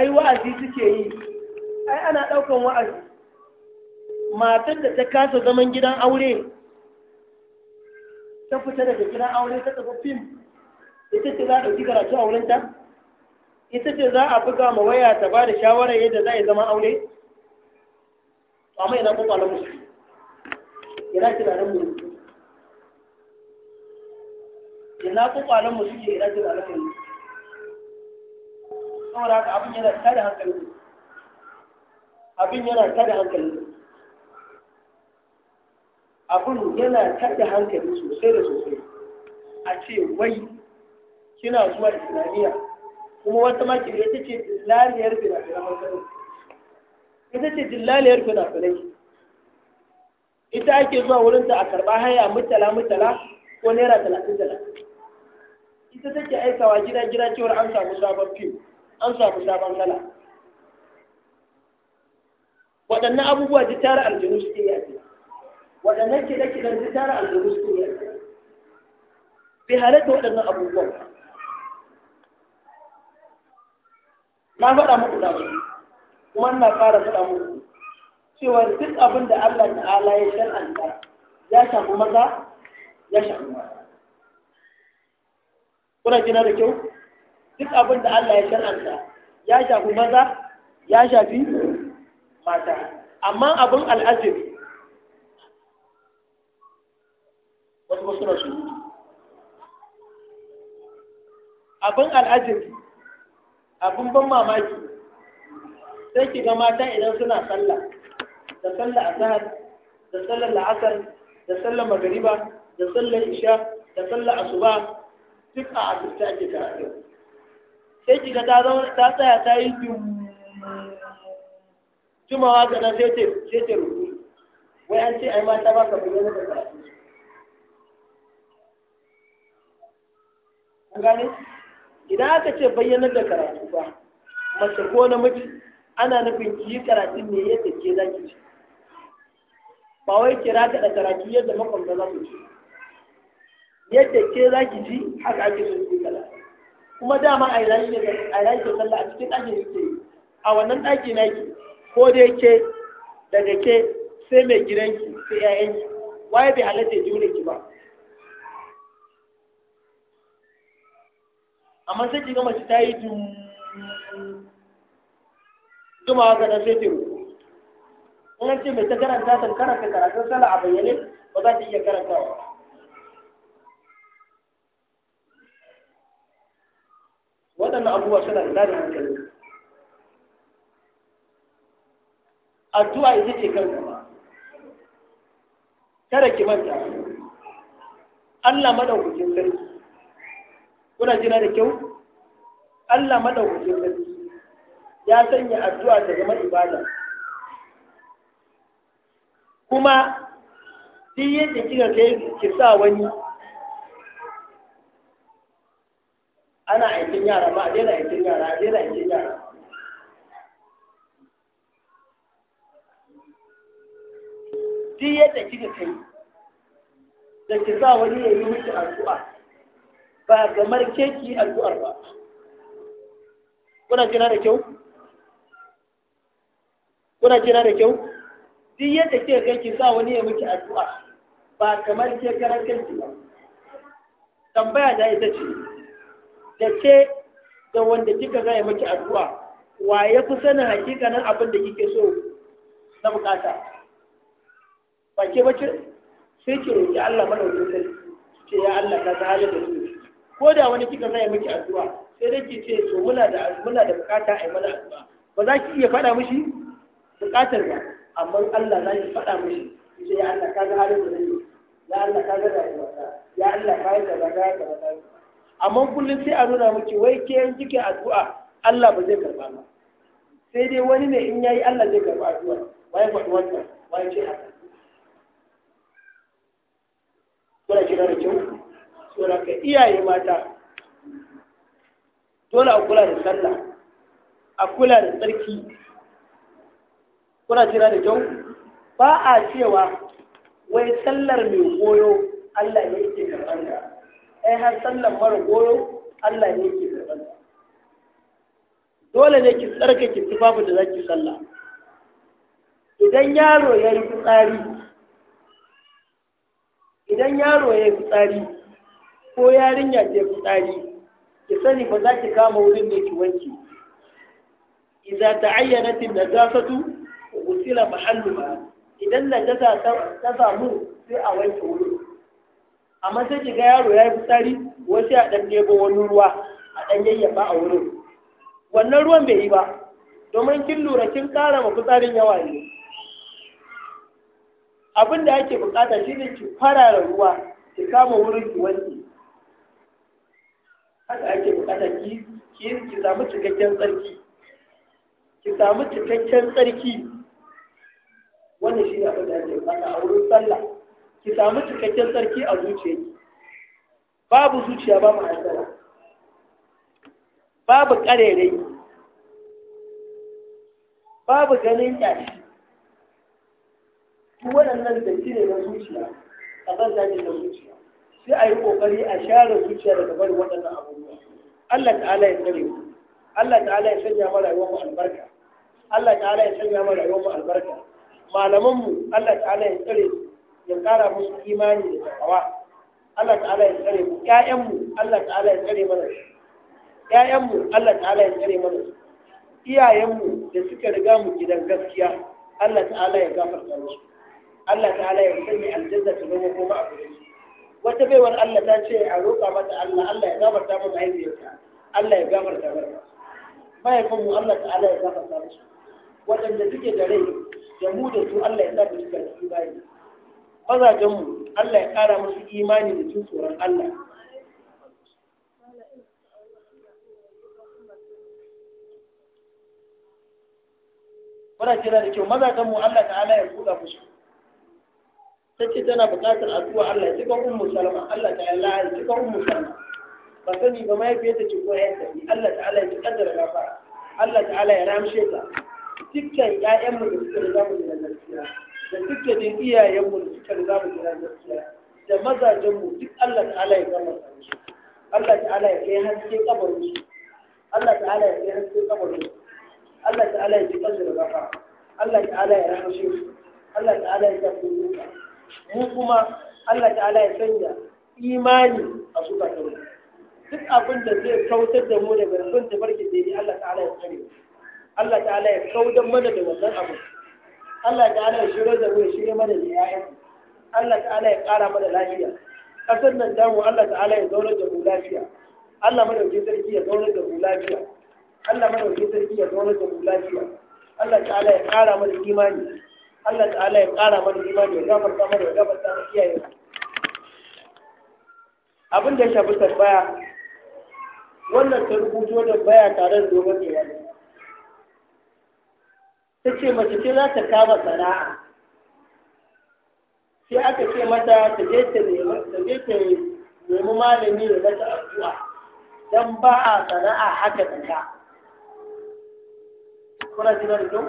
S1: ai wa'azi suke yi ai ana ɗaukan wa'azi matar da ta kasa zaman gidan aure ta fita daga gidan aure ta tafi fim ita ce za a ɗauki karatu a wurinta. ita ce za a buga ma waya ta ba da shawarar yadda za a yi zaman aure amma ina kuma musu. ina tunanin mu ina mu suke tunanin mu saboda haka abin yana tada hankali hankali sosai da sosai a ce wai kina zuwa islamiyya kuma wata maki ita ce dillaliyar fina-finan ita ce dillaliyar fina-finai ita ake zuwa wurinta a karɓa haya mutala mutala ko naira talatin talatin ita take aikawa gida gida cewar an samu sabon fim, an samu sabon gala waɗannan abubuwa ji tara aljanu suke yi a waɗannan kiɗe-kiɗen ji tara aljanu suke yi a bai halatta waɗannan abubuwan na faɗa muku da kuma na fara faɗa muku cewa duk abin da Allah ta'ala ya shar'anta ya shafi maza ya shafi mata kuna gina da kyau duk abin da Allah ya shar'anta ya shafi maza ya shafi mata amma abin al'ajir wasu wasu na shi abin al'ajir abin ban mamaki sai ki ga mata idan suna sallah da sallar azhar da sallar la'asar da sallar magariba da sallar isha da sallar asuba duk a asirce ake karatu sai kiga ta ta tsaya ta yi jimawa ga nan sai ta rubu wai an ce ai ma ta baka bulo na karatu an gane idan aka ce bayyanar da karatu ba mace ko namiji ana nufin ki yi karatun ne yadda ke za ki ci ba wai kira ta da karatu yadda makwabta za su ci yadda ke za ki ji haka ake so su kala kuma dama a yi da sallah a cikin ɗakin suke yi a wannan ɗaki ki, ko dai ke daga ke sai mai gidanki sai 'ya'yanki waye bai halatta ya jure ki ba amma sai ki ga mace ta yi dum dumawa ga sai ta yi in an ce mai ta karanta ta karanta karatun sallah a bayyane ba za ta iya karantawa waɗannan abubuwa suna da da hankali addu'a ita ce kan gaba kada ki manta Allah madaukakin sarki kuna jina da kyau Allah madaukakin sarki ya sanya addu'a ta zama ibada kuma duk yadda kika kai ki sa wani ana aikin yara ba a daina aikin yara a daina aikin yara duk yadda kika kai da ki sa wani ya yi miki addu'a ba kamar ke addu'ar ba kuna jina da kyau kuna jina da kyau duk yadda ke kai ki sa wani ya miki addu'a ba kamar ke karan kanki ba tambaya da ita ce da ke da wanda kika ga ya miki addu'a wa ya fi sanin hakikanin abin da kike so na bukata ba ke ba sai ki roki Allah wuce sai ce ya Allah ka tsare da su ko da wani kika ga ya miki addu'a sai dai ki ce to muna da muna da bukata ai mana addu'a ba za ki iya faɗa mishi bukatar ba amma Allah za ya faɗa mishi ce ya Allah ka ga halin da nake ya Allah ka ga rayuwa ya Allah ka yi da ka ga kaza amma kullum sai a nuna miki wai ke yin kike addu'a Allah ba zai karba ba sai dai wani ne in yayi Allah zai karba addu'a wai faɗi wannan wai ce haka kuna kira da kyau saboda ka iyaye mata dole a kula da sallah a kula da tsarki kuna jira da kyau ba a cewa wai sallar mai goyo Allah ne yake karɓar da ai har sallar mara goyo Allah ne yake karɓar da dole ne ki tsarkake tufafu da zaki sallah idan yaro ya yi fitsari idan yaro ya yi fitsari ko yarinya ta yi fitsari ki sani ba za ki kama wurin da ki wanke ta ayyana ta'ayyanat an-najasatu gusila mahalluha idan najasa ta samu sai a wanke wurin amma sai ki ga yaro ya yi fitsari wasu a ɗan nebo wani ruwa a ɗan yayyafa a wurin wannan ruwan bai yi ba domin kin lura kin ƙara ma fitsarin yawa ne abin da ake bukata shi ne ki da ruwa ki kama wurin ki wanke haka ake bukata ki ki samu cikakken tsarki ki samu cikakken tsarki wannan shi ne abin da ake bukata a wurin sallah ki samu cikakken sarki a zuciyarki babu zuciya ba mu hasara babu karerai babu ganin yashi duk waɗannan datti ne na zuciya a zan ne na zuciya sai a yi ƙoƙari a share zuciya daga bari waɗannan abubuwa Allah ta'ala ya tsare mu Allah ta'ala ya sanya mu rayuwar mu albarka Allah ta'ala ya sanya mu rayuwar mu albarka malamanmu Allah ta'ala ya tsare ya ƙara musu imani da takawa Allah ta'ala ya tsare mu ƴaƴanmu Allah ta'ala ya tsare mana su ƴaƴanmu Allah ta'ala ya tsare mana su iyayenmu da suka riga mu gidan gaskiya Allah ta'ala ya gafarta musu Allah ta'ala ya sanya aljanna ta zama kuma a gare shi. wata baiwar Allah ta ce a roƙa mata Allah Allah ya gafarta mu mahaifiyarta Allah ya gafarta mana mahaifinmu Allah ta'ala ya gafarta musu waɗanda suke da rai da mu da su Allah ya sa mu cika da imani mu Allah ya ƙara musu imani da jin tsoron Allah muna jira da kyau mu Allah ta'ala ya buɗa musu ta ce tana buƙatar addu'a Allah ya cika ummu salama Allah yalla ya cika ummu salama ba sani ba mahaifiyarta ce ko yadda Allah ta'ala ya cika da gafara Allah ta'ala ya ramshe ta dukkan ya'yanmu da suka riga mu gidan gaskiya da dukkanin iyayenmu da suka riga mu gidan gaskiya da mazajenmu duk Allah ta'ala ya gama su Allah ta'ala ya kai haske kabarin su Allah ta'ala ya kai haske kabarin su Allah ta'ala ya ji kansu da gafa Allah ta'ala ya rahashe su Allah ta'ala ya sa su mu kuma Allah ta'ala ya sanya imani a su ka duk abin da zai kautar da mu daga rufin tafarki da Allah ta'ala ya kare mu Allah ala ya kaudan mana da wannan abu Allah ala ya shirya da mu ya shirya mana da yayan Allah ala ya ƙara mana lafiya ƙasar nan damu Allah ala ya zaunar da mu lafiya Allah madauki sarki ya zaunar da mu lafiya Allah madauki sarki ya zaunar da mu lafiya Allah ala ya ƙara mana imani Allah ala ya ƙara mana imani ya gafarta mana ya gafarta mana iyaye abin da ya shafi tabbaya wannan ta rubuto da baya tare da dogon bayani ta ce mace ce za ta kama sana'a sai aka ce mata ta je ta nemi malami ya mata addu'a don ba a sana'a haka ka kuna ji da kyau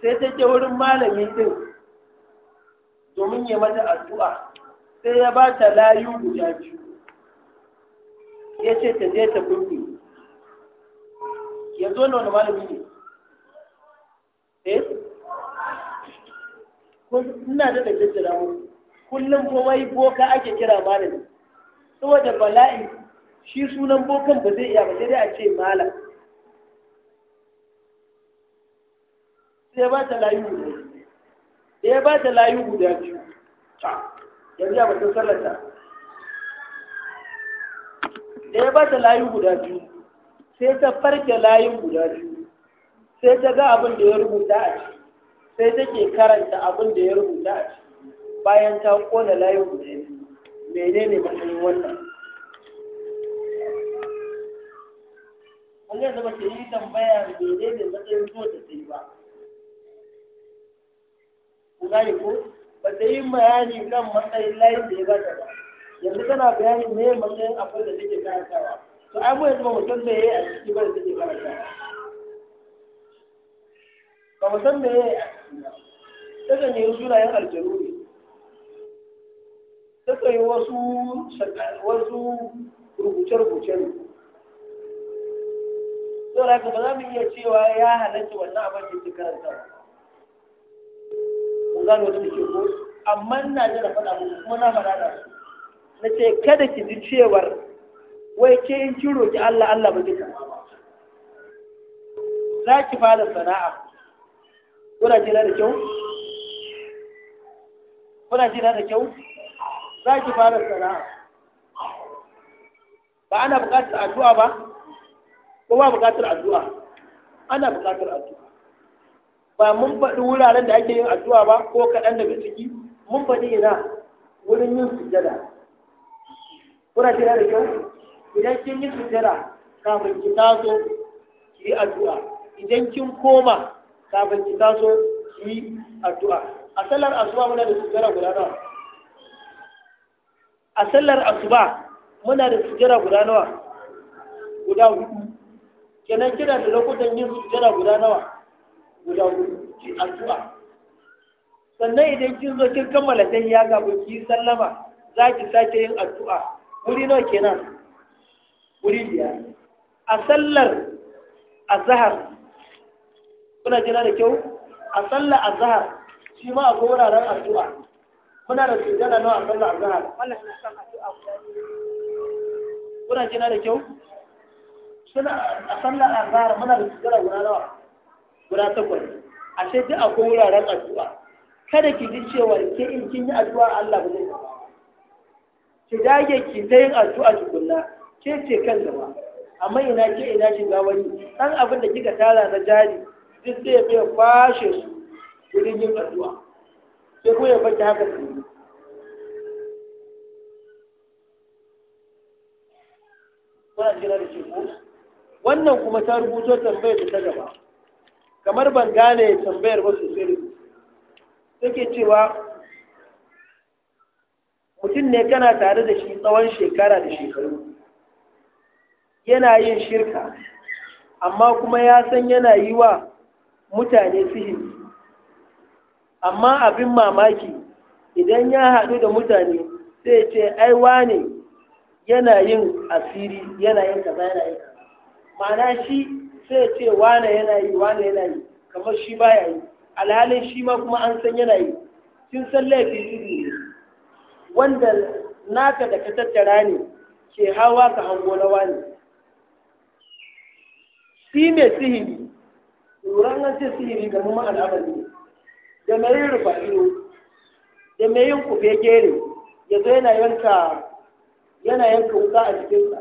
S1: sai ta je wurin malami din domin ya mata addu'a sai ya ba ta layu guda biyu ya ce ta je ta gurbi ya zo na wani malami ne eh ina da jaddada muku kullum ko yi boka ake kira malami saboda bala'i shi sunan bokan ba zai iya ba sai dai a ce malam sai ba ta layu da ya eh, ba ta layu guda biyu yanzu ya batun sallata ya eh, ba ta layu guda biyu sai ta farke layin guda biyu sai ta ga abin da ya rubuta a ciki sai take karanta abin da ya rubuta a ciki bayan ta kona layin guda menene matsayin wannan wanda zama ke yi tambaya ne matsayin zuwa da sai ba ku gane ko ba ta yi bayani kan matsayin layin da ya bata ba yanzu tana bayani ne matsayin abin da take karantawa to ai mu yanzu ba mu san me yi a ciki ba da take karantawa ba mu san meye takan yi sunayen aljanu ne takan yi wasu wasu rubuce-rubuce ne sau da ba za mu iya cewa ya halatta wannan abin da ke karanta ba ku gano da ke ko amma na da na faɗa muku kuma na faɗa da su na ce kada ki ji cewar wai ke in ki Allah Allah ba duka za ki fara sana'a kuna jina da kyau kuna jina da kyau za ki fara sana'a ba ana buƙatar addu'a ba ko ba buƙatar addu'a ana buƙatar addu'a ba mun faɗi wuraren da ake yin addu'a ba ko kaɗan daga ciki mun faɗi ina wurin yin sujada kuna jina da kyau idan kin yi sujada kafin ki taso ki yi addu'a idan kin koma kafin ki taso ki yi addu'a a sallar asuba muna da sujjara guda nawa a sallar asuba muna da sujjara guda nawa guda hudu kenan kina da lokutan yin sujjara guda nawa guda hudu ki addu'a sannan idan kin zo kin kammala sai ya gaba ki sallama za ki sake yin addu'a wuri nawa kenan wuri biyar a sallar azhar kuna jira da kyau a sallah azhar shi ma akwai wuraren addu'a muna da sujjada nawa a sallar azhar kuna jira da kyau suna a sallar azhar muna da sujjada guda nawa guda takwas sai duk akwai wuraren addu'a kada ki ji cewa ke in kin yi addu'a Allah ba zai ki dage ki ta yin addu'a tukunna ke ce kan gaba amma ina ke ina shiga wani dan abin da kika tara na jari duk sai fi su wurin yin addu'a sai ko ya haka da wannan kuma ta rubuto tambayar ta gaba kamar ban gane tambayar ba sosai take cewa mutum ne kana tare da shi tsawon shekara da shekaru yana yin shirka amma kuma ya san yana yi wa mutane sihiri amma abin mamaki idan ya haɗu da mutane sai ce ai wane yana yin asiri yana yin kaza yana yin kaza ma'ana shi sai ce wane yana yi wane yana yi kamar shi baya yi alhalin shi ma kuma an san yana yi kin san laifi ne wanda naka da ka tattara ne ke hawa ka hango na wani shi mai sihiri Tsoron an sihiri ga mummun al'amari ne, da mai yin rufa da mai yin kufe gere, ya zo yana yanka yana yanka wuka a jikinsa,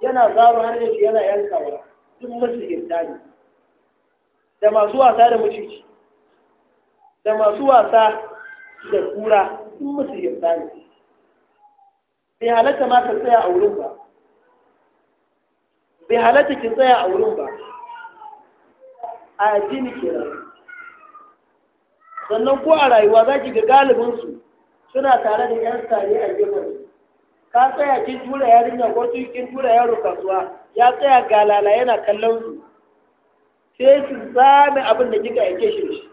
S1: yana zaro har yanzu shi yana yankawa, duk masu hirta ne. Da masu wasa da mucici, da masu wasa da kura, duk masu hirta ne. Bai halatta ma ka tsaya a wurin ba. Bai halatta ki tsaya a wurin ba. a addini kenan sannan ko a rayuwa za ki ga galibinsu suna tare da yan sare a gefen ka tsaya kin tura yarinya ko kin tura yaro kasuwa ya tsaya galala yana kallon su sai su zame abin da kika aike shi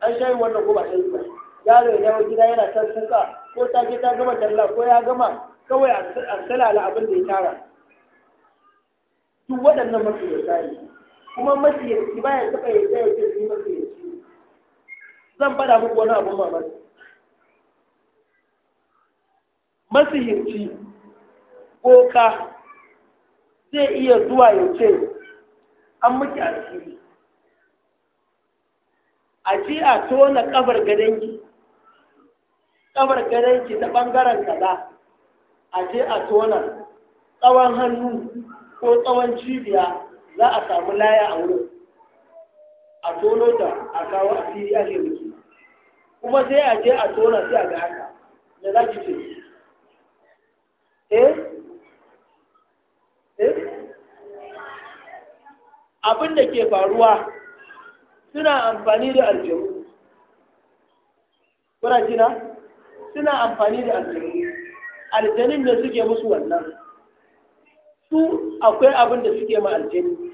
S1: an shayi wannan ko ba shi ba yaro ya dawo gida yana tattaka ko ta ke ta gama talla ko ya gama kawai a salala abin da ya tara duk waɗannan masu yasa ne kuma masiyarci baya taɓa ya tsaya ce su yi masiyarci zan faɗa muku wani abin mamaki ko ka? zai iya zuwa ya ce an miki asiri a ce a tona kabar gadanki kabar gadanki ta ɓangaren kaza a je a tona tsawon hannu ko tsawon cibiya za a samu laya a wurin a tono ta a kawo a fili a mutu kuma sai a je a tona sai a ga haka da za ki ce eh eh abin da ke faruwa suna amfani da aljihu kuna jina suna amfani da aljihu aljanin da suke musu wannan su akwai abin da suke ma aljihu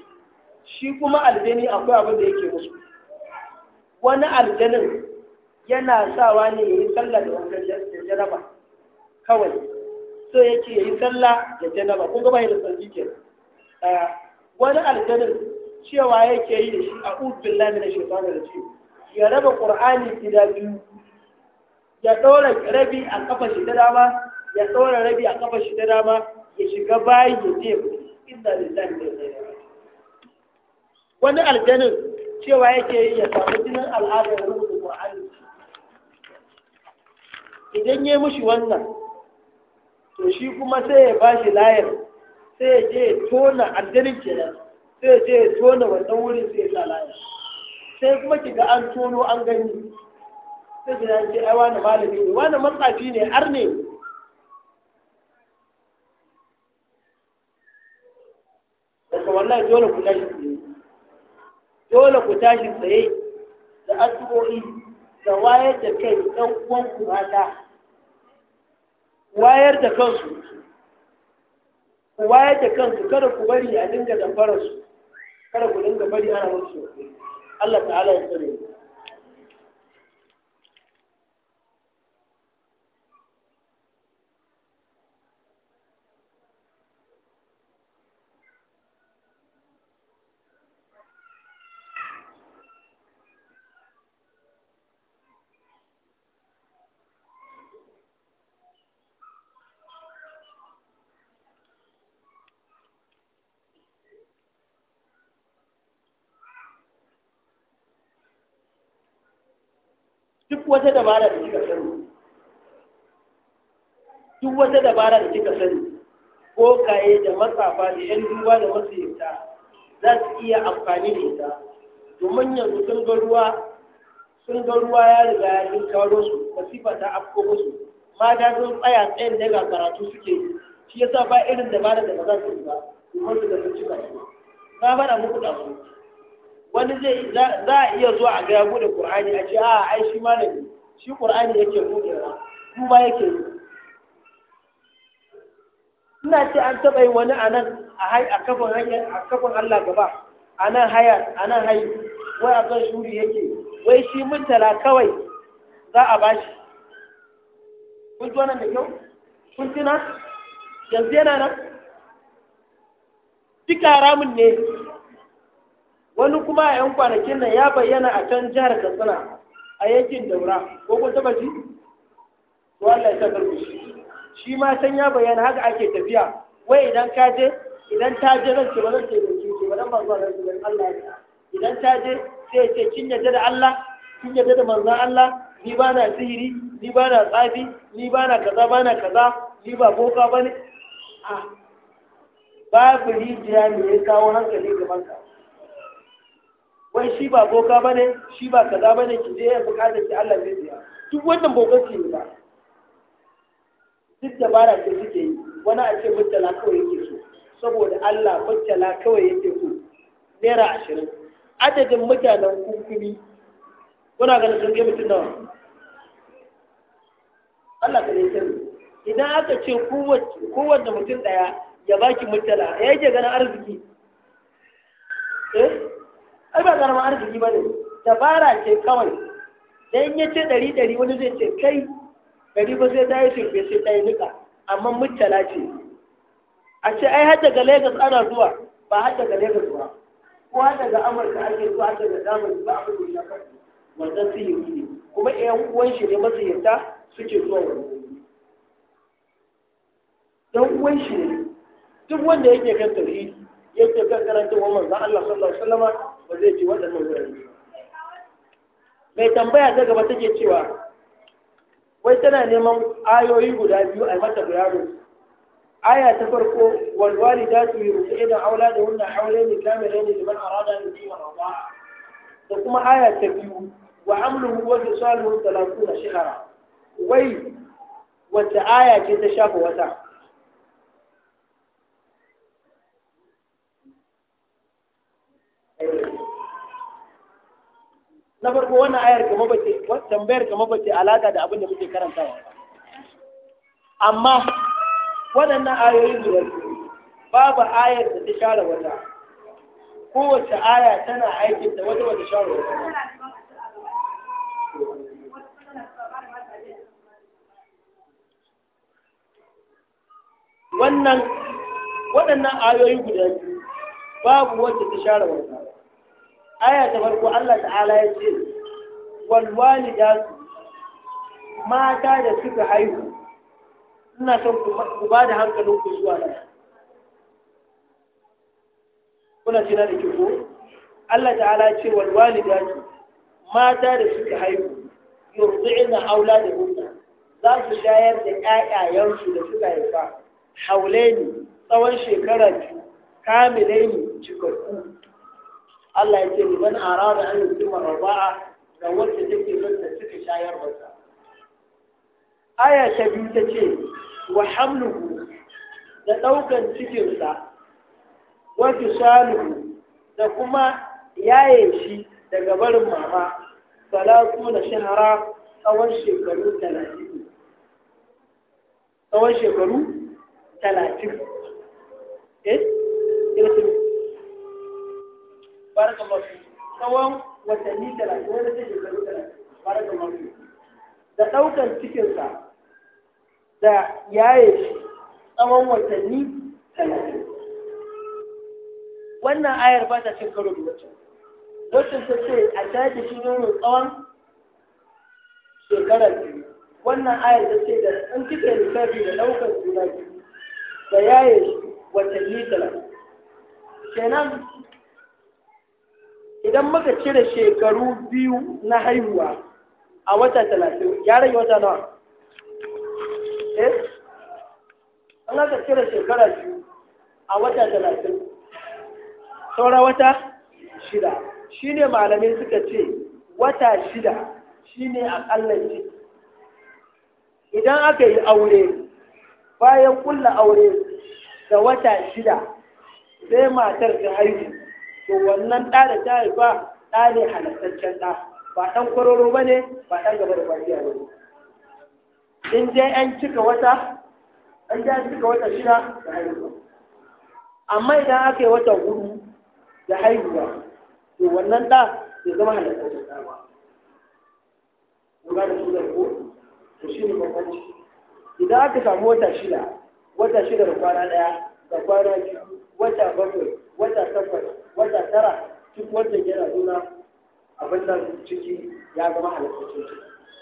S1: shi kuma aljani akwai abin da yake musu wani aljanin yana sawa ne ya yi sallah da wankan janaba kawai so yake ya yi sallah da janaba kun gaba da sarki ke wani aljanin cewa yake yi da shi a ubin lamina shekaru da ce ya raba ƙur'ani gida biyu ya ɗora rabi a kafa shi da dama ya ɗora rabi a kafa shi da dama ya shiga bayi ya je inda lillahi da ilaihi wani aljanin cewa yake yi ya samu jinin al'adar rubutu Qur'ani idan ya mushi wannan to shi kuma sai ya bashi layar sai ya je ya tona aljanin kenan sai ya je ya tona wannan wurin sai ya sa layar sai kuma kiga an tono an gani sai su ce ai wani malami ne wani matsafi ne har ne wallahi dole ku ne. dole ku tashi tsaye da asiboi da wayar da kai ɗan uwanku mata wayar da kansu ku wayar da kansu kada ku bari a dinga damfararsu kada ku dinga bari ana musu Allah ta'ala ya tsare ku wata dabara da kika sani duk wata dabara da kika sani ko kaye da matsafa da yan duba da masiyarta za su iya amfani da ita domin yanzu sun ga ruwa sun ga ruwa ya riga ya kawo su masifa ta afko musu ma da sun tsaya tsayin da ga karatu suke yi shi yasa ba irin dabara da ba za su yi ba domin su da sun cika shi na faɗa muku da su wani zai za a iya zuwa a gaya bude qur'ani a ce a ah, ai shi malami shi qur'ani yake budewa kuma yake yi ina ce an taɓa yi wani a nan a kafin hanyar a kafin Allah gaba a nan haya a nan hayi wai a kan shuri yake wai shi mintala kawai za a bashi kun ji wannan da kyau kun tuna yanzu yana nan duka haramun ne wani kuma a 'yan kwanakin nan ya bayyana a can jihar katsina a yankin daura ko kun taba ji to
S2: Allah ya saka ku
S1: shi ma san ya bayyana haka ake tafiya wai idan ka je idan ta je zan ce ba zan ce da ki ba dan ba zan ce Allah ya idan ta je sai ya ce kin yarda da Allah kin yarda da manzon Allah ni ba na sihiri ni ba na tsafi ni ba na kaza ba na kaza ni ba boka ba ne ah. babu rijiya ne ya kawo hankali gaban ka wai shi ba boka bane shi ba kaza bane ki je ya bukatar ki Allah zai biya duk wannan bokan ki ne ba duk dabara ce suke yi wani a ce mutala kawai yake so saboda Allah mutala kawai yake so naira ashirin adadin mutanen kunkumi kuna ganin sun kai mutum nawa Allah ka ne sani idan aka ce kowanne mutum ɗaya ya baki mutala ya yake ganin arziki ai ba karamin arziki ba ne dabara ce kawai da in yace ɗari ɗari wani zai ce kai ɗari ba sai ta yi turbe sai ta yi nika amma mutala ce a ce ai har daga lagos ana zuwa ba har daga lagos ba ko har daga amurka ake zuwa har daga damar ba a kuma shafar wannan yi ne kuma ƴan uwan shi ne masu masiyarta suke zuwa wani don uwan shi ne duk wanda yake kan tauhid yake kan karanta wa manzon Allah sallallahu alaihi wasallam ba zai ce waɗannan wurare mai tambaya ta gaba take cewa wai tana neman ayoyi guda biyu a mata bayanin aya ta farko walwali da su yi rufe idan aula da wannan aure ne kamere ne liman rada ne su yi da kuma aya ta biyu wa amluhu wa fisaluhu talatuna wai wata aya ce ta shafa wata na farko wannan ayar kama bace tambayar kama bace alaka da abin da muke karantawa amma waɗannan ayoyin biyar babu ayar da ta share wata kowace aya tana aikin da wata wata share wata wannan waɗannan ayoyi guda babu wacce ta share wata aya ta farko Allah ta'ala ya ce walidat mata da suka haihu ina son ku ba da hankalin ku zuwa nan kuna tuna da ke ko Allah ta'ala ya ce walidat mata da suka haihu yurdi'na auladuhunna za su shayar da ƴaƴayensu da suka haifa haulaini tsawon shekara biyu kamilaini cikakku Allah ya ce liman arada an yutima raba'a da wacce take son ta cika shayar wata aya ta biyu ta ce wa hamluhu da ɗaukan cikinsa wa fisaluhu da kuma yaye shi daga barin mama salatu na shahara tsawon shekaru talatin tsawon shekaru talatin eh barakallahu fi tsawon watanni talatin wanda ta shekaru talatin barakallahu fi da ɗaukar cikinsa da yaye shi tsawon watanni talatin wannan ayar ba ta cin karo da wacce wacce ta ce a shaƙi shi nono tsawon shekarar biyu wannan ayar ta ce da in kika lissafi da ɗaukar juna biyu da yaye shi watanni talatin kenan idan muka cire shekaru biyu na haihuwa a wata talatin ya rage wata nawa eh an aka cire shekara biyu a wata talatin saura wata shida shi ne malamai suka ce wata shida shi ne aƙallan idan aka yi aure bayan kulla aure da wata shida sai matar ta haihu to wannan ɗa da ta haifa ɗa ne halattaccen ɗa ba ɗan kwaroro ba ne ba ɗan gaba da kwanciya ba ne in dai an cika wata an dai an cika wata shida da haihuwa amma idan aka yi wata hudu da haihuwa to wannan ɗa ya zama halattaccen ɗa ba da su da ko to shi ne bambanci idan aka samu wata shida wata shida da kwana ɗaya da kwana biyu wata bakwai wata takwas wata tara duk wanda yana nuna abin nan ciki ya zama halittacin ciki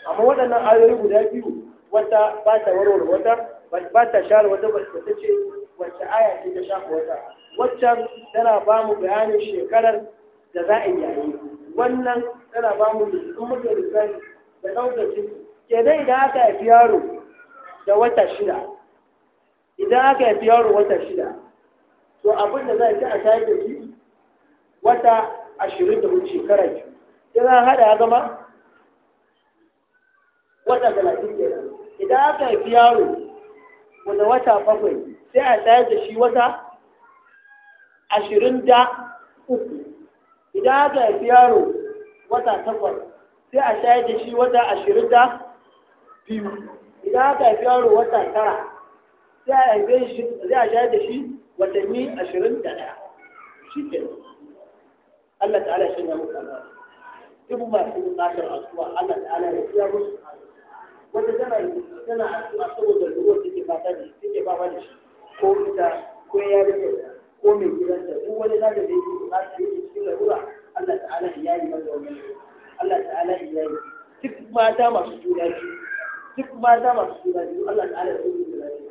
S1: amma waɗannan ayoyi guda biyu wata ba ta warware wata ba ta share wata ba ta ce wacce aya ce ta shafa wata waccan tana ba mu bayanin shekarar da za a yi. wannan tana ba mu sun muke lissafi da ɗaukar ciki ke dai idan aka haifi yaro da wata shida idan aka haifi yaro wata shida to abin da za ci a shayar da shi wata ashirin da wuce kara biyu ya za a haɗa ya zama wata talatin kenan idan aka haifi yaro wanda wata bakwai sai a shayar da shi wata ashirin da uku idan aka haifi yaro wata takwas sai a shayar da shi wata ashirin da biyu idan aka haifi yaro wata tara sai a haife shi sai a shayar da shi watanni ashirin da ɗaya shi ke Allah ta'ala shi ya muku albarka duk masu bukatar addu'a Allah ta'ala ya biya musu wata tana tana addu'a saboda ruwan take fata da shi take fama da shi ko ita ko yarinya ko mai gidanta duk wani zaka da yake bukata yake cikin larura Allah ta'ala ya yi masa wannan Allah ta'ala ya yi duk mata masu juna biyu duk mata masu juna biyu Allah ta'ala ya yi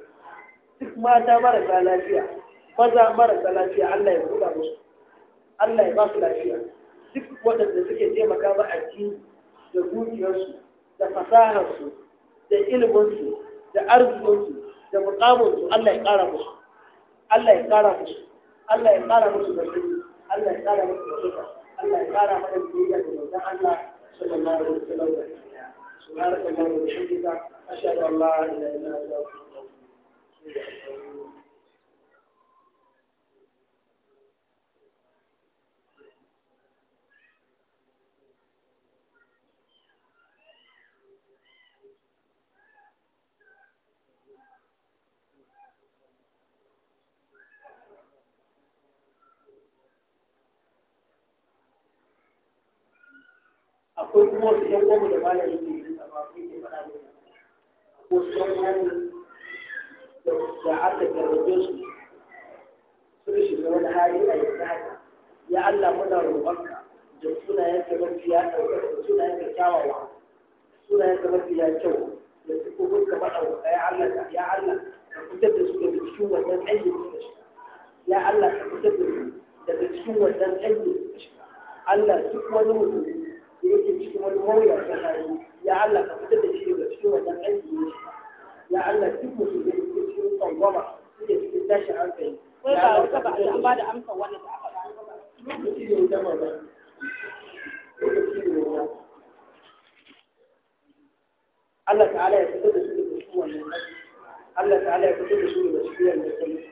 S1: duk mata marasa lafiya maza marasa lafiya Allah ya buɗa musu Allah ya ba su lafiya duk waɗanda suke taimaka a ji da dukiyarsu da fasaharsu da iliminsu da arzikinsu da muƙamunsu, Allah ya ƙara musu Allah ya ƙara musu Allah ya ƙara musu basiri Allah ya ƙara musu basira Allah ya ƙara mana biyayya da manzon Allah sallallahu alaihi wasallam سبحانك اللهم وبحمدك أشهد أن لا إله akwai kuma wasu ɗan uwanmu da malam yake yi da ba su yake faɗa da ko su ɗan uwanmu da aka gargaje su sun shiga wani hali a yanzu haka ya Allah muna roƙonka da ya ɗauka da ɗaukaka sunayenka kyawawa sunayenka ya kyau da sukukunka maɗaukaka ya Allah ya Allah ka fitar da su daga cikin wannan aikin da shi. ya Allah ka fitar da su daga cikin wannan aikin da shi. Allah duk wani mutum da yake cikin wani mawuyacin hali ya Allah ka fitar da shi daga cikin wannan aiki ne ya Allah duk mutum da yake cikin tsangwama suke cikin tashin hankali wai ba wata ba a ba da amsa wannan da aka ba lokaci ne da ba lokaci ne da Allah ta'ala ya fitar da su daga cikin wannan Allah ta'ala ya fitar da su daga cikin wannan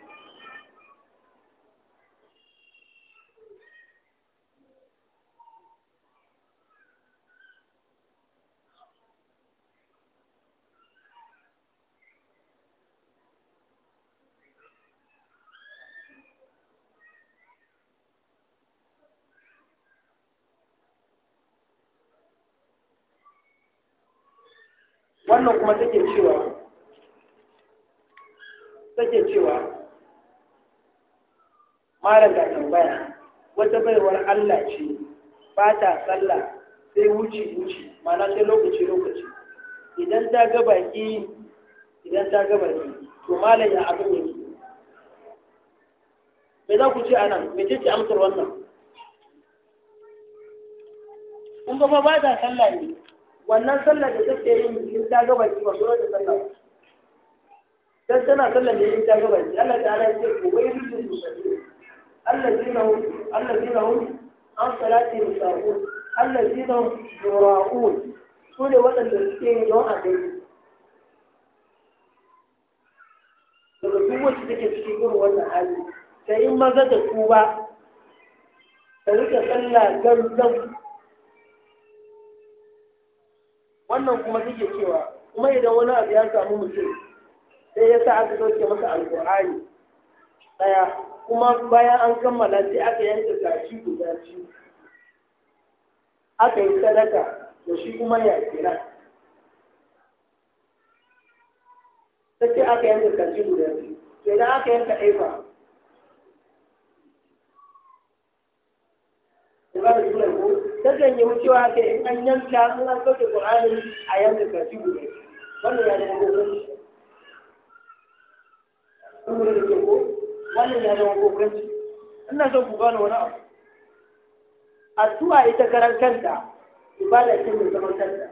S1: wannan kuma take cewa take cewa malam da tambaya wata baiwar Allah ce ba ta sallah sai wuce wuce mana sai lokaci lokaci idan ta ga baki idan ta ga baki to malam ya abin ne me za ku ce a nan me ce amsar wannan kun ga ba ta sallah ne wannan sallar da take yin in ta gaba ki ba dole da sallar dan tana sallar da in ta gaba Allah ta'ala ya ce ko wai rubu Allah hum zina hudu an salatihim sahun allazina zina yura'un su ne waɗanda suke yin don a dai daga duk wacce take cikin irin wannan hali ta yi maza da tuba ta rika sallah gangan wannan kuma take cewa kuma idan wani abu ya samu mutum sai ya sa aka sauke masa alƙur'ani ɗaya kuma bayan an kammala sai aka yanka gashi guda aka yi sadaka da shi kuma ya kira sai aka yanka gashi guda biyu to idan aka yanka ɗaya ba takan yi wucewa ga in an yanka an an sauke Qur'anin a yanka kashi guda wannan ya zama gobanci saboda da ke wannan ya zama gobanci ina son ku gane wani abu addu'a ita karan kanta ibada ce mai zaman kanta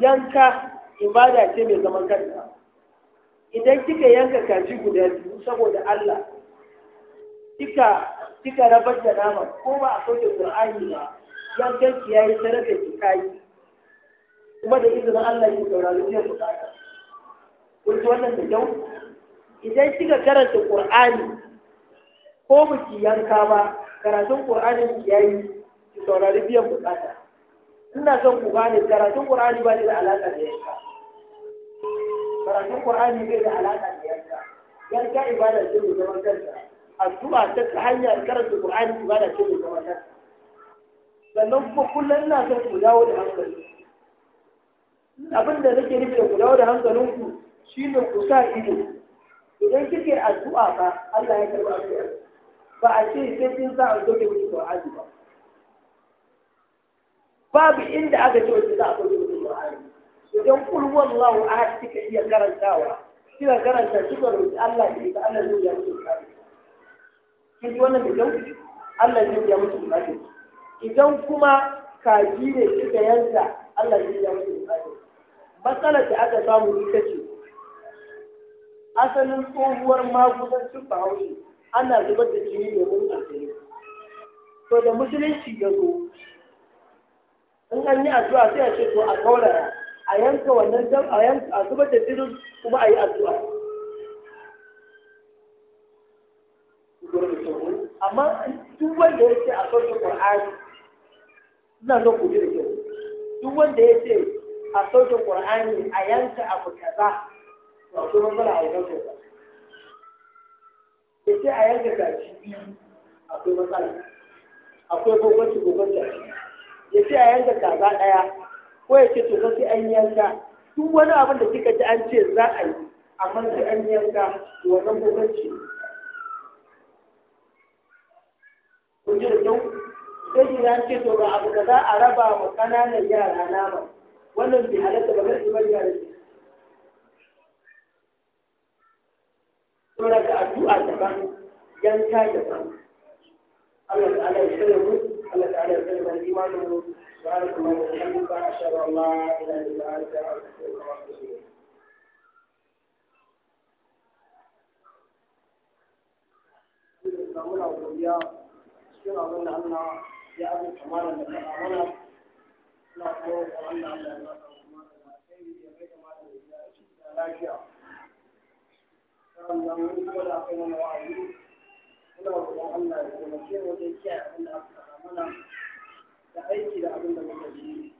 S1: yanka ibada ce mai zaman kanta idan kika yanka kaji guda biyu saboda Allah kika kika rabar da nama ko ba a sauke Qur'ani ba ya yankan ki yayi sadaka ki kai kuma da izinin Allah ki saurari zai buƙata. kun ji wannan da kyau idan shiga karanta ƙur'ani, ko mu ki yanka ba karatun Qur'ani ki yayi ki saurari biyan buƙata. ina son ku gane karatun ƙur'ani ba da alaƙa da yanka karatun ƙur'ani bai da alaƙa da yanka yanka ibada ce mai zaman kanta addu'a ta hanyar karanta ƙur'ani ibada ce mai zaman kanta sannan kuma kullum ina son ku dawo da hankali abin da nake nufi da ku dawo da hankalinku shine ku sa ido idan kike addu'a ba, Allah ya karba addu'a ba a ce sai kin sa a goge miki ba babu inda aka ce za a goge miki aji, idan kul wallahu ahad kika iya karantawa kika karanta kika roki Allah ki Allah zai ya miki Qur'ani kin ji wannan da kyau Allah zai ya miki Qur'ani idan kuma kaji ne suka yanka Allah zai ya mutu bukatu matsalar da aka samu ita ce asalin tsohuwar magudancin bahaushe ana zubar da jini mun asiri to da musulunci ya zo in an yi addu'a sai a ce to a kaurara a yanka wannan dam a yanka a zubar da jinin kuma a yi addu'a amma duk wanda ya ce a sauke Qur'ani na nan ku da kyau duk wanda ya ce a sauke qur'ani a yanka abu kaza ba su ban bala a yanka ba ya ce a yanka gashi akwai matsala akwai bambanci bambanci ya ce a yanka kaza ɗaya ko ya ce to sai an yanka duk wani abin da kika ji an ce za a yi amma sai an yanka wannan bambanci kun ji da kyau sai na ce to ba abu da za a raba wa ƙananan yara nama wannan bai halatta ba kai bari yara ce to daga addu'a ta yanka ba. Allah ta'ala ya mu Allah ta'ala ya shirya mana imanin mu سبحانك اللهم وبحمدك أشهد أن لا إله إلا أنت أستغفرك وأتوب muna godiya cikin abin da Allah ya abu da na Allah ya da akwai Allah ya mu da mana da aiki da abin da muka ji